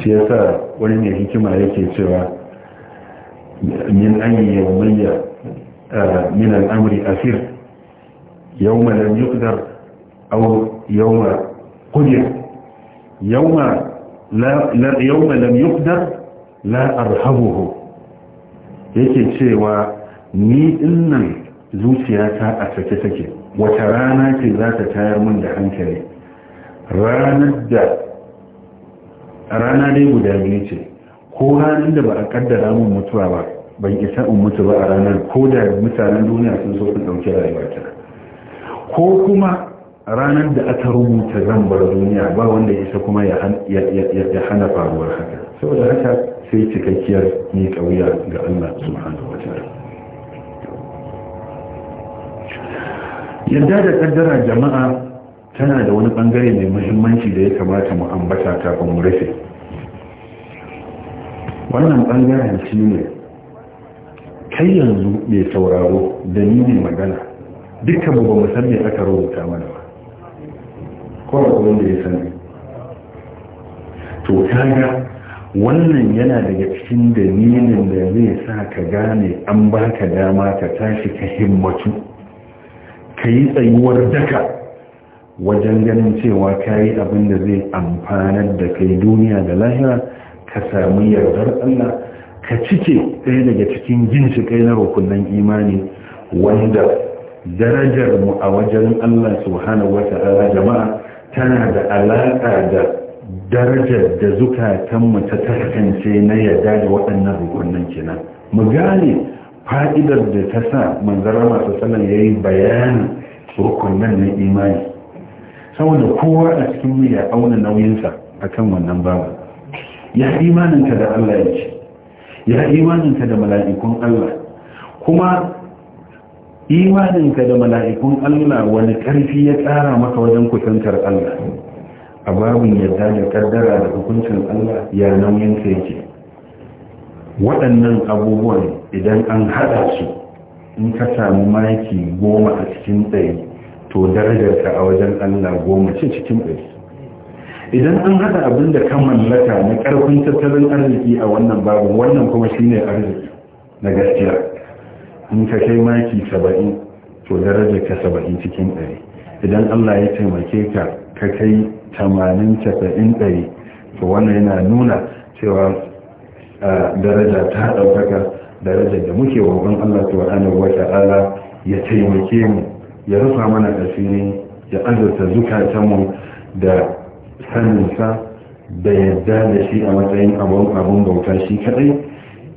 shi ya sa wani mai hikima yake cewa min an yi yawmayya min al'amri asir yawma lam yuqdar aw yawma qudir yawma la yawma lam yuqdar la arhabuhu yake cewa ni dinnan ta a sake-sake wata rana ce za ta tayar mun da hankali ranar da rana dai guda biyu ce ko ranar da ba a kaddara mun mutuwa ba ban isa in mutu ba a ranar ko da mutanen duniya sun so su ɗauki rayuwata ko kuma ranar da aka rubuta zan bar duniya ba wanda isa kuma ya hana faruwar haka saboda haka sai cikakkiyar ni kauya ga Allah subhanahu wa ta'ala yadda da kaddara jama'a tana da wani bangare mai muhimmanci da ya kamata mu ambata kafin mu rufe wannan bangaren shi ne kai yanzu mai sauraro da ni ne magana dukkan mu ba mu san me aka rubuta mana ba ba kuma da ya sani to kaga wannan yana daga cikin dalilin da zai sa ka gane an baka dama ka tashi ka himmatu ka yi tsayuwar daka wajen ganin cewa ka yi abin da zai amfanar da kai duniya da lahira ka sami yardar Allah ka cike ɗaya daga cikin kai na rukunan imani wanda darajar mu a wajen Allah subhanahu wa ta'ala jama'a tana da alaƙa da darajar da zukatanmu ta taskance na yarda da waɗannan rukunan kenan mu gane fa'idar da ta sa manzara masu sallan ya yi bayanin rukunan na imani saboda kowa a cikin ya auna nauyinsa a kan wannan babu ya imaninka da allah ya ce ya imaninka da mala'ikun allah kuma imaninka da mala'ikun allah wani ƙarfi ya tsara maka wajen kusantar allah a babin yadda da ƙaddara da hukuncin allah ya nauyinsa yake waɗannan abubuwan idan an haɗa su in ka samu maki goma a cikin ɗari to darajarka a wajen allah goma ce cikin ɗari idan an haɗa abin da ka mallaka na ƙarfin tattalin arziki a wannan babu wannan kuma shine arziki na gaskiya in ka kai maki saba'in to darajarka saba'in cikin ɗari idan allah ya taimake ka ka kai tamanin casa'in ɗari to wannan yana nuna cewa a daraja ta ɗaukaka daraja da muke roƙon Allah subhanahu wa ta'ala ya taimake mu ya rufa mana asiri ya azurta mu da saninsa da yadda da shi a matsayin abun bauta shi kadai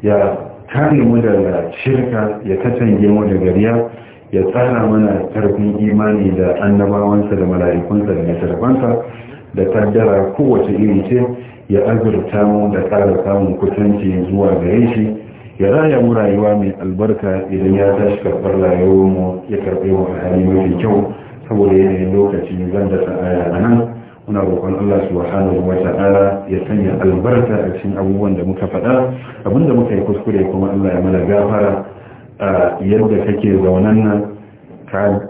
ya kare mu daga shirka ya katange mu da gariya ya tsara mana karfin imani da annabawansa da mala'ikunsa da nasarabansa da kaddara kowace iri ce ya azurta mu da ƙara samun kusanci zuwa gare shi ya raya mu rayuwa mai albarka idan ya tashi karɓar rayuwar mu ya karɓe mu a hali mafi kyau saboda yanayin lokaci zan da sa'aya a nan muna roƙon Allah subhanahu wa ta'ala ya sanya albarka a cikin abubuwan da muka faɗa abinda muka yi kuskure kuma Allah ya mana gafara yadda kake zaunan nan ka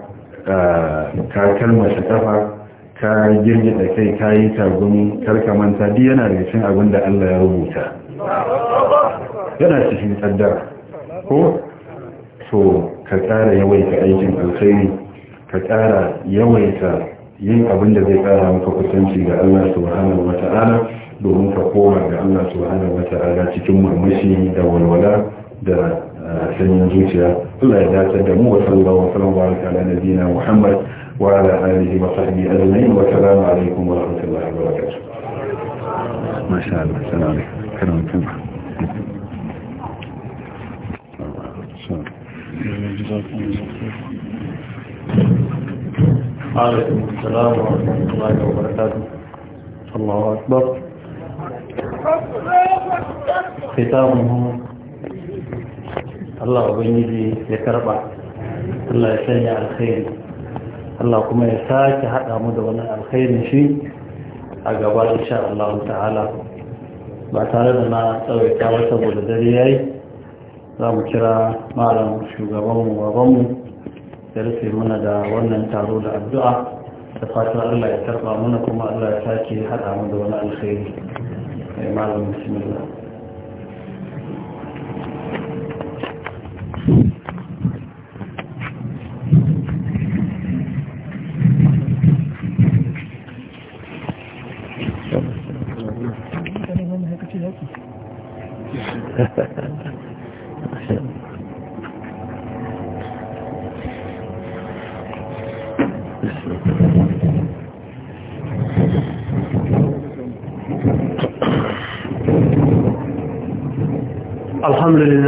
shi kafa ka da kai ka yi tagumi karka manta duk yana da cikin abin da Allah ya rubuta yana cikin tsaddar ko so ka tsara yawaita aikin alkhairi ka tsara yawaita yin abin da zai kara maka kusanci ga Allah subhanahu ta'ala domin ka koma ga Allah subhanahu ta'ala cikin murmushi da walwala da ah, sanyin zuciya Allah ya dace da mu wa sallallahu alaihi wa sallam ala Muhammad وعلى آله وصحبه أجمعين والسلام عليكم ورحمة الله وبركاته ما شاء الله السلام عليكم كلامكم عليكم السلام ورحمة الله وبركاته الله أكبر ختامه الله أبنيدي يكربع الله على الخير Allah kuma ya sake haɗa mu da wani alkhairin shi a gaba insha Allah ta'ala ba tare da na tsawaita ba saboda dare yayi za mu kira malam baban babanmu ya rufe mana da wannan taro da addu'a da fatan Allah ya tarba mana kuma Allah ya sake haɗa mu da wani alkhairi mai malam bismillah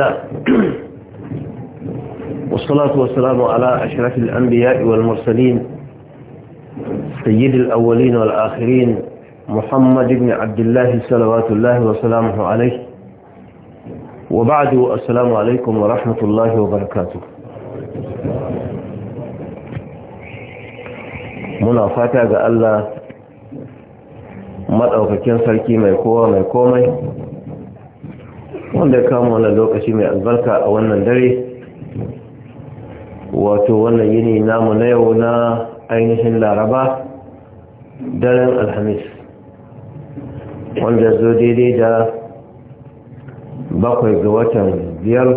الله والصلاة والسلام على أشرف الأنبياء والمرسلين سيد الأولين والآخرين محمد بن عبد الله صلوات الله وسلامه عليه وبعد السلام عليكم ورحمة الله وبركاته muna fata ga Allah maɗaukakin sarki mai kowa mai komai wanda ya kama wannan lokaci mai albarka a wannan dare wato wannan yini namu na yau na ainihin laraba daren alhamis wanda zo daidai da bakwai ga watan biyar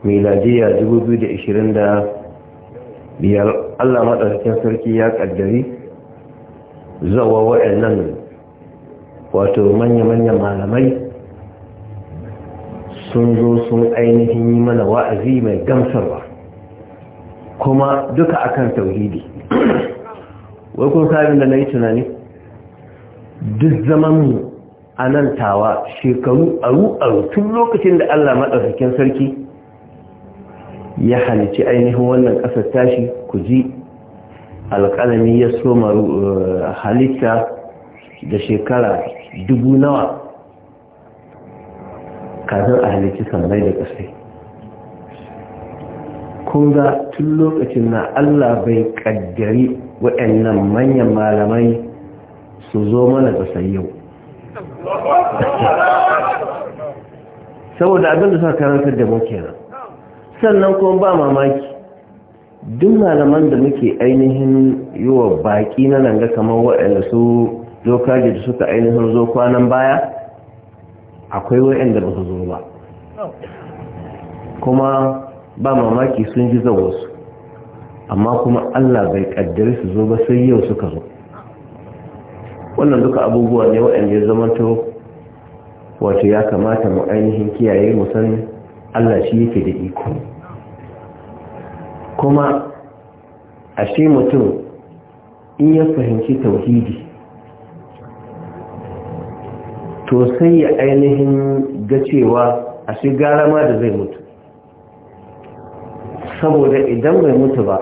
miladiyya 2025 allah maɗaukakin sarki ya ƙaddari zawa nan wato manya manya malamai sun zo sun ainihin yi mana wa'azi mai gamsarwa kuma duka akan tauhidi wai kun sabin da na yi tunani duk zaman a nan tawa shekaru aru-aru tun lokacin da allah maɗaukakin sarki ya halici ainihin wannan ƙasar tashi ku ji alƙalami ya soma uh, halitta da shekara dubu nawa kafin a halicci sammai da ƙasai kun ga tun lokacin na Allah bai ƙaddari waɗannan manyan malamai su zo mana ƙasai yau saboda abin da suka karanta da muke sannan kuma ba mamaki duk malaman da muke ainihin yi wa baƙi na nan ga kamar waɗanda su doka da suka ainihin zo kwanan baya akwai da ba su zo ba kuma ba mamaki sun ji wasu amma kuma allah bai kaddare su zo ba sai yau suka zo wannan duka abubuwa ne waɗanda ya zamanto wato ya kamata mu ainihin kiyaye mu san allah shi yake da iko kuma a ashe mutum in ya fahimci tauhidi to sai ya ainihin ga cewa a shi gara ma da zai mutu saboda idan bai mutu ba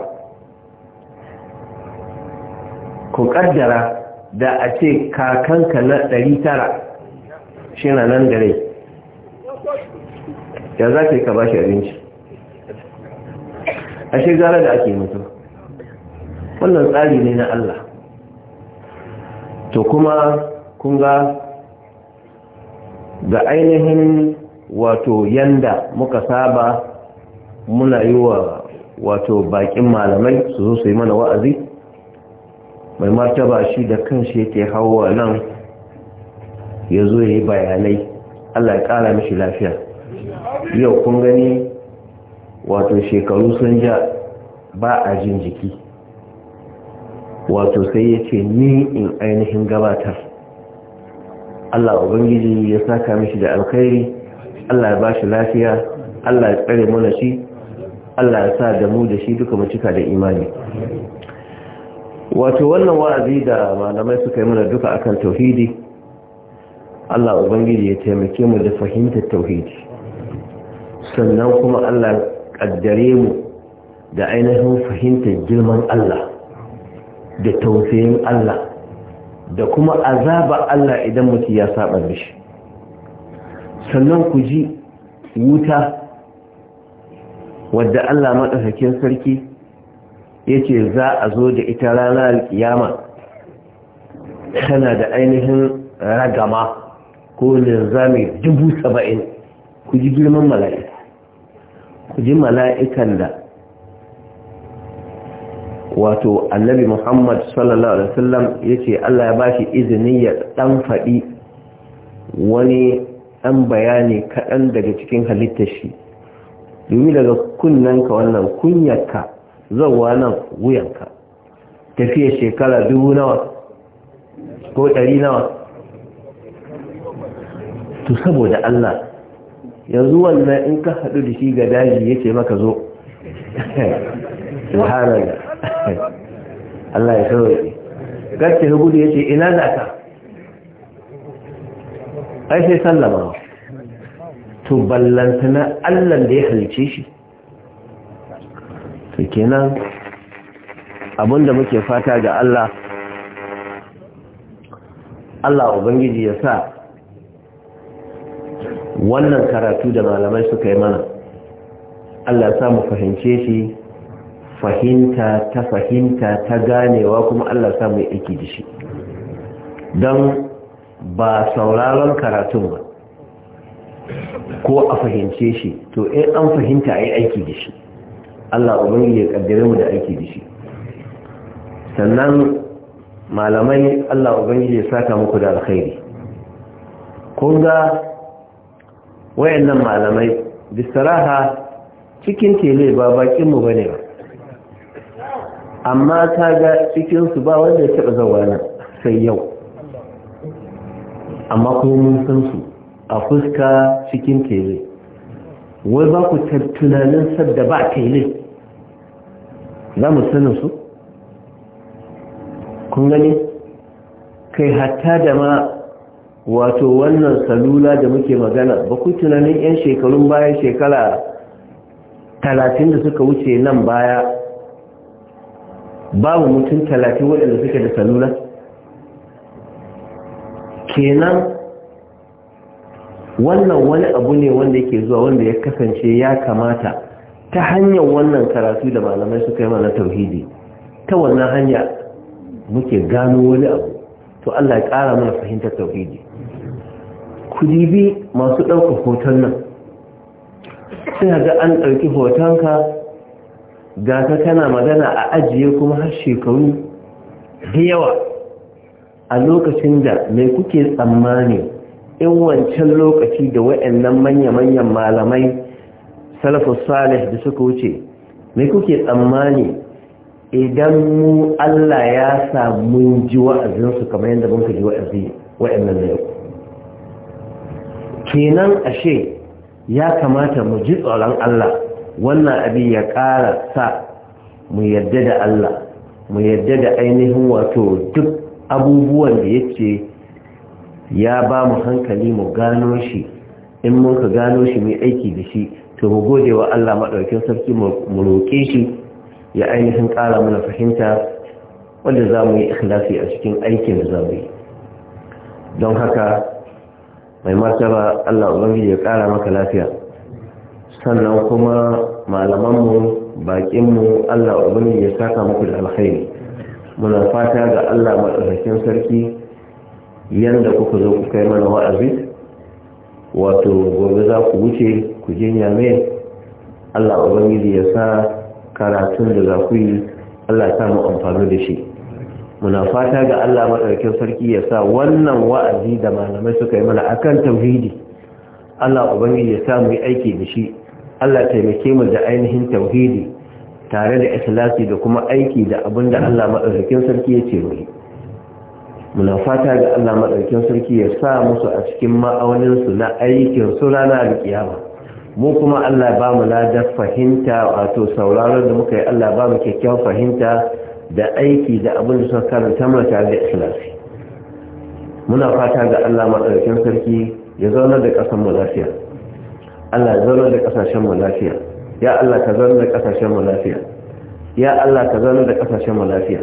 ku kaddara da a ce kakanka na 900 shi na nan da rai ya za ka yi ka ba shi abinci a shi gara da ake mutu wannan tsari ne na Allah to kuma kun ga da ainihin wato yanda muka saba muna yi wa wato bakin malamai su zo su yi mana wa'azi mai martaba shi da kanshi yake hawa nan ya zo ya yi bayanai allah ya kara mishi lafiya yau kun gani wato shekaru sun ja ba a jin jiki wato sai yace ni in ainihin gabatar Allah ubangiji ya saka mishi da alkhairi Allah ya bashi lafiya Allah ya tsare mana shi Allah ya sa da mu da shi duka mu cika da imani wato wannan wa'azi da malamai suka yi mana duka akan tauhidi Allah ubangiji ya taimake mu da fahimtar tauhidi sannan kuma Allah kaddare mu da ainihin fahimtar girman Allah da tausayin Allah da kuma azaba Allah idan mutu ya saba mishi sannan ku ji wuta wadda Allah maɗaukakin sarki ya ce za a zo da ita ranar kiyama tana da ainihin ragama ko linzami dubu saba'in ku ji girman mala'ika ku ji mala'ikan da wato annabi muhammad sallallahu alaihi wasallam ya ce allah ya ba shi izinin ya dan faɗi wani dan bayani kaɗan daga cikin halittar shi domin daga kunnanka wannan kunyarka zauwa nan wuyanka tafiya shekara dubu nawa ko ɗari nawa to saboda allah yanzu wannan in ka haɗu da shi ga daji ya ce maka zo subhanallah Allah ya sauri gaske hudu ya ce ina za ka ai sai sallama to ballanta na Allah da ya halice shi to kenan da muke fata ga Allah Allah Ubangiji ya sa wannan karatu da malamai suka yi mana Allah ya sa mu fahimce shi fahimta ta fahimta ta ganewa kuma Allah samu ya aiki da shi don ba sauraron karatun ba ko a fahimce shi to in an fahimta a yi aiki da shi Allah ubangi ya kaddare mu da aiki da shi sannan malamai Allah ubangi ya saka muku da alkhairi kun ga wayannan malamai bisaraha cikin tele ba bakin mu bane ba amma ta ga cikinsu ba wanda ya taɓa zawa nan sai yau amma kuma mun san su a fuska cikin kele wai ba ku tunanin sadda ba kele za mu sanin su kun gani kai hatta da ma wato wannan salula da muke magana ba ku tunanin 'yan shekarun baya shekara talatin da suka wuce nan baya babu mutum talatin waɗanda suke da salula kenan wannan wani abu ne wanda yake zuwa wanda ya kasance ya kamata ta hanyar wannan karatu da malamai suka yi mana tauhidi ta wannan hanya muke gano wani abu to Allah ya ƙara mana fahimtar tauhidi ku dibi masu ɗaukar hoton nan sai ga an ɗauki hotonka ga ka kana magana a ajiye kuma har shekaru da yawa a lokacin da mai kuke tsammani in wancan lokaci da wa'annan manya-manyan malamai salafus salih da suka wuce mai kuke tsammani idan mu Allah ya sa mun ji wa'azinsu kamar yadda mun ji wa'azi wa'annan da yau kenan ashe ya kamata mu ji tsoron Allah wannan abin ya ƙara sa mu yarda da Allah mu yarda da ainihin wato duk abubuwan da yake ya ba mu hankali mu gano shi in mun ka gano shi mai aiki da shi to mu gode wa Allah maɗaukin sarki mu roƙe shi ya ainihin ƙara mana fahimta wanda za mu yi ikhlasi a cikin aikin da za mu yi don haka mai martaba Allah ubangiji ya ƙara maka lafiya sannan kuma malamanmu bakinmu allah ubin ya saka muku da alkhairi muna fata ga allah maɗaukakin sarki yadda kuka zo ku kai mana wa'azi wato gobe za ku wuce ku je mai allah ubangiji ya sa karatun da za ku yi allah ya samu amfani da shi muna fata ga allah maɗaukakin sarki ya sa wannan wa'azi da malamai suka yi mana akan tauhidi allah ubangiji ya sa aiki da shi Allah taimake mu da ainihin tauhidi tare da ikhlasi da kuma aiki da abin da Allah madaukakin sarki ya ce mu muna fata ga Allah madaukakin sarki ya sa musu a cikin ma'aunin su na aikin su rana da kiyama mu kuma Allah ba mu ladar fahimta wato sauraron da muka yi Allah ba mu kyakkyawan fahimta da aiki da abin da suka karanta mu tare da ikhlasi muna fata ga Allah madaukakin sarki ya zauna da ƙasar mu lafiya Allah zaunar da kasashen malafiya ya Allah ka zaunar da kasashen malafiya lafiya ya Allah ka zaunar da kasashen malafiya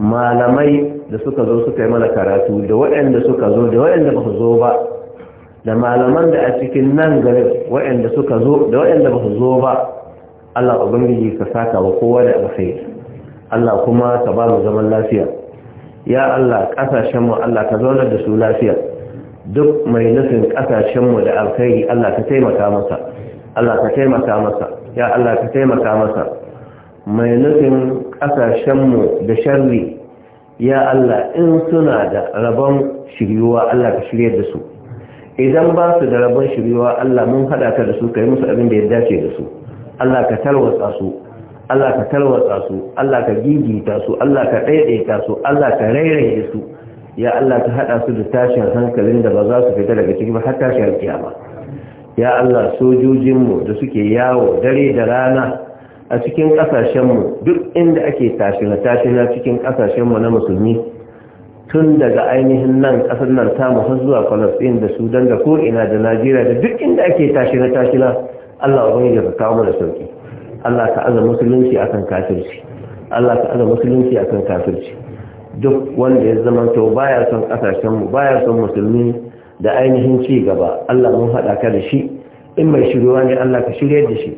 malamai da suka zo suka yi mana karatu da waɗanda suka zo da waɗanda ba su zo ba da malaman da a cikin nan garin waɗanda suka zo da waɗanda ba su zo ba Allah ubangiji ka saka wa kowa da alkhairi Allah kuma ka ba mu zaman lafiya ya Allah kasashen mu Allah ka zaunar da su lafiya duk mai nufin ƙasashenmu da alkhairi Allah ka taimaka masa Allah ka taimaka masa ya Allah ka taimaka masa mai nufin ƙasashenmu da sharri ya Allah in suna da rabon shiryuwa Allah ka shirye da su idan ba su da rabon shiryuwa Allah mun haɗa ka da su ka yi musu abin da ya dace da su Allah ka tarwatsa su Allah ka tarwatsa su Allah ka gigita su Allah ka ɗaiɗaita su Allah ka rairaye su ya Allah ka hada su da tashin hankalin da ba za su fita daga ciki ba har tashin kiyama ya Allah sojojinmu da suke yawo dare da rana a cikin kasashenmu duk inda ake tashina-tashina cikin kasashenmu na musulmi tun daga ainihin nan kasar nan ta har zuwa falasɗin da sudan da ko'ina da najeriya da duk inda ake tashina-tashina Allah wani da ka kawo mana sauki Allah ka aza musulunci akan kafirci Allah ka aza musulunci akan kafirci duk wanda ya zama to baya son kasashenmu baya son musulmi da ainihin ci gaba Allah mun haɗa ka da shi in mai shiruwa ne Allah ka shirye da shi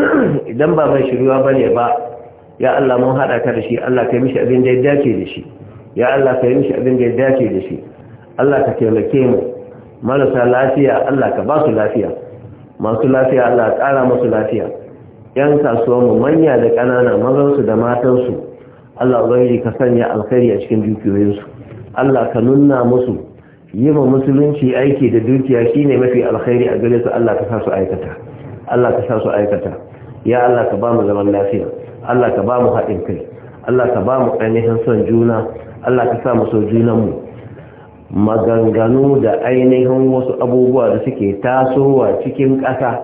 idan ba mai shiruwa ba ne ba ya Allah mun haɗa ka da shi Allah ka yi mishi abin da ya dace da shi ya Allah ka yi mishi abin da ya dace da shi Allah ka taimake mu marasa lafiya Allah ka ba su lafiya masu lafiya Allah ƙara musu lafiya ‘yan kasuwanmu manya da ƙanana mazansu da matansu Allah ubangiji ka sanya alkhairi a cikin dukiyoyinsu Allah ka nuna musu yi ma musulunci aiki da dukiya shine mafi alkhairi a gare su Allah ka sa su aikata Allah ka sa su aikata ya Allah ka ba mu zaman lafiya Allah ka ba mu haɗin kai Allah ka ba mu ainihin son juna Allah ka sa mu so junanmu maganganu da ainihin wasu abubuwa da suke tasowa cikin ƙasa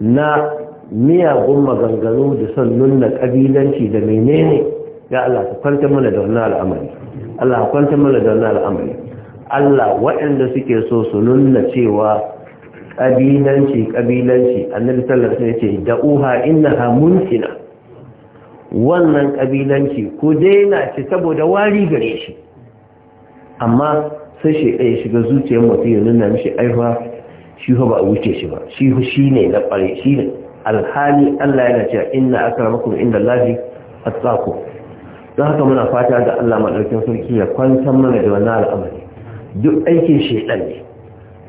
na miyagun maganganu da son nuna ƙabilanci da menene ya Allah ka kwantar mana da wannan al'amari Allah ka kwanta mana da wannan al'amari Allah waɗanda suke so su nuna cewa ƙabilanci ƙabilanci annabi sallallahu alaihi wasallam da uha innaha mumkina wannan ƙabilanci ko daina ce saboda wari gare shi amma sai shi ɗaya shiga zuciyar mutum ya nuna mishi aifa shi ba a wuce shi ba shi shi ne na ƙware shi ne alhali Allah yana cewa inna akramakum inda a tsako. don haka muna fata da Allah maɗaukin sarki ya kwantar mana da wannan al'amari duk aikin shedan ne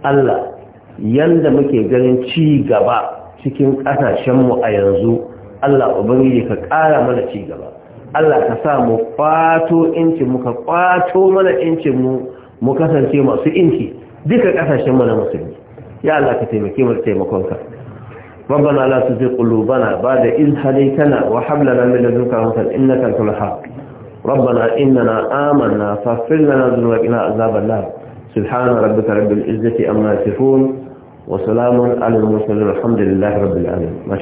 Allah yanda muke ganin ci gaba cikin ƙasashenmu a yanzu Allah ubangiji ka ƙara mana ci gaba Allah ka sa mu fato inci muka kwato mana incinmu mu kasance masu inci duka ƙasashenmu na musulmi ya Allah ka taimake mu taimakonka ربنا لا تزغ قلوبنا بعد إذ هديتنا وهب لنا من لدنك رحمة إنك أنت الوهاب ربنا إننا آمنا فاغفر لنا ذنوبنا عذاب النار سبحان ربك رب العزة أما يصفون وسلام على المرسلين الحمد لله رب العالمين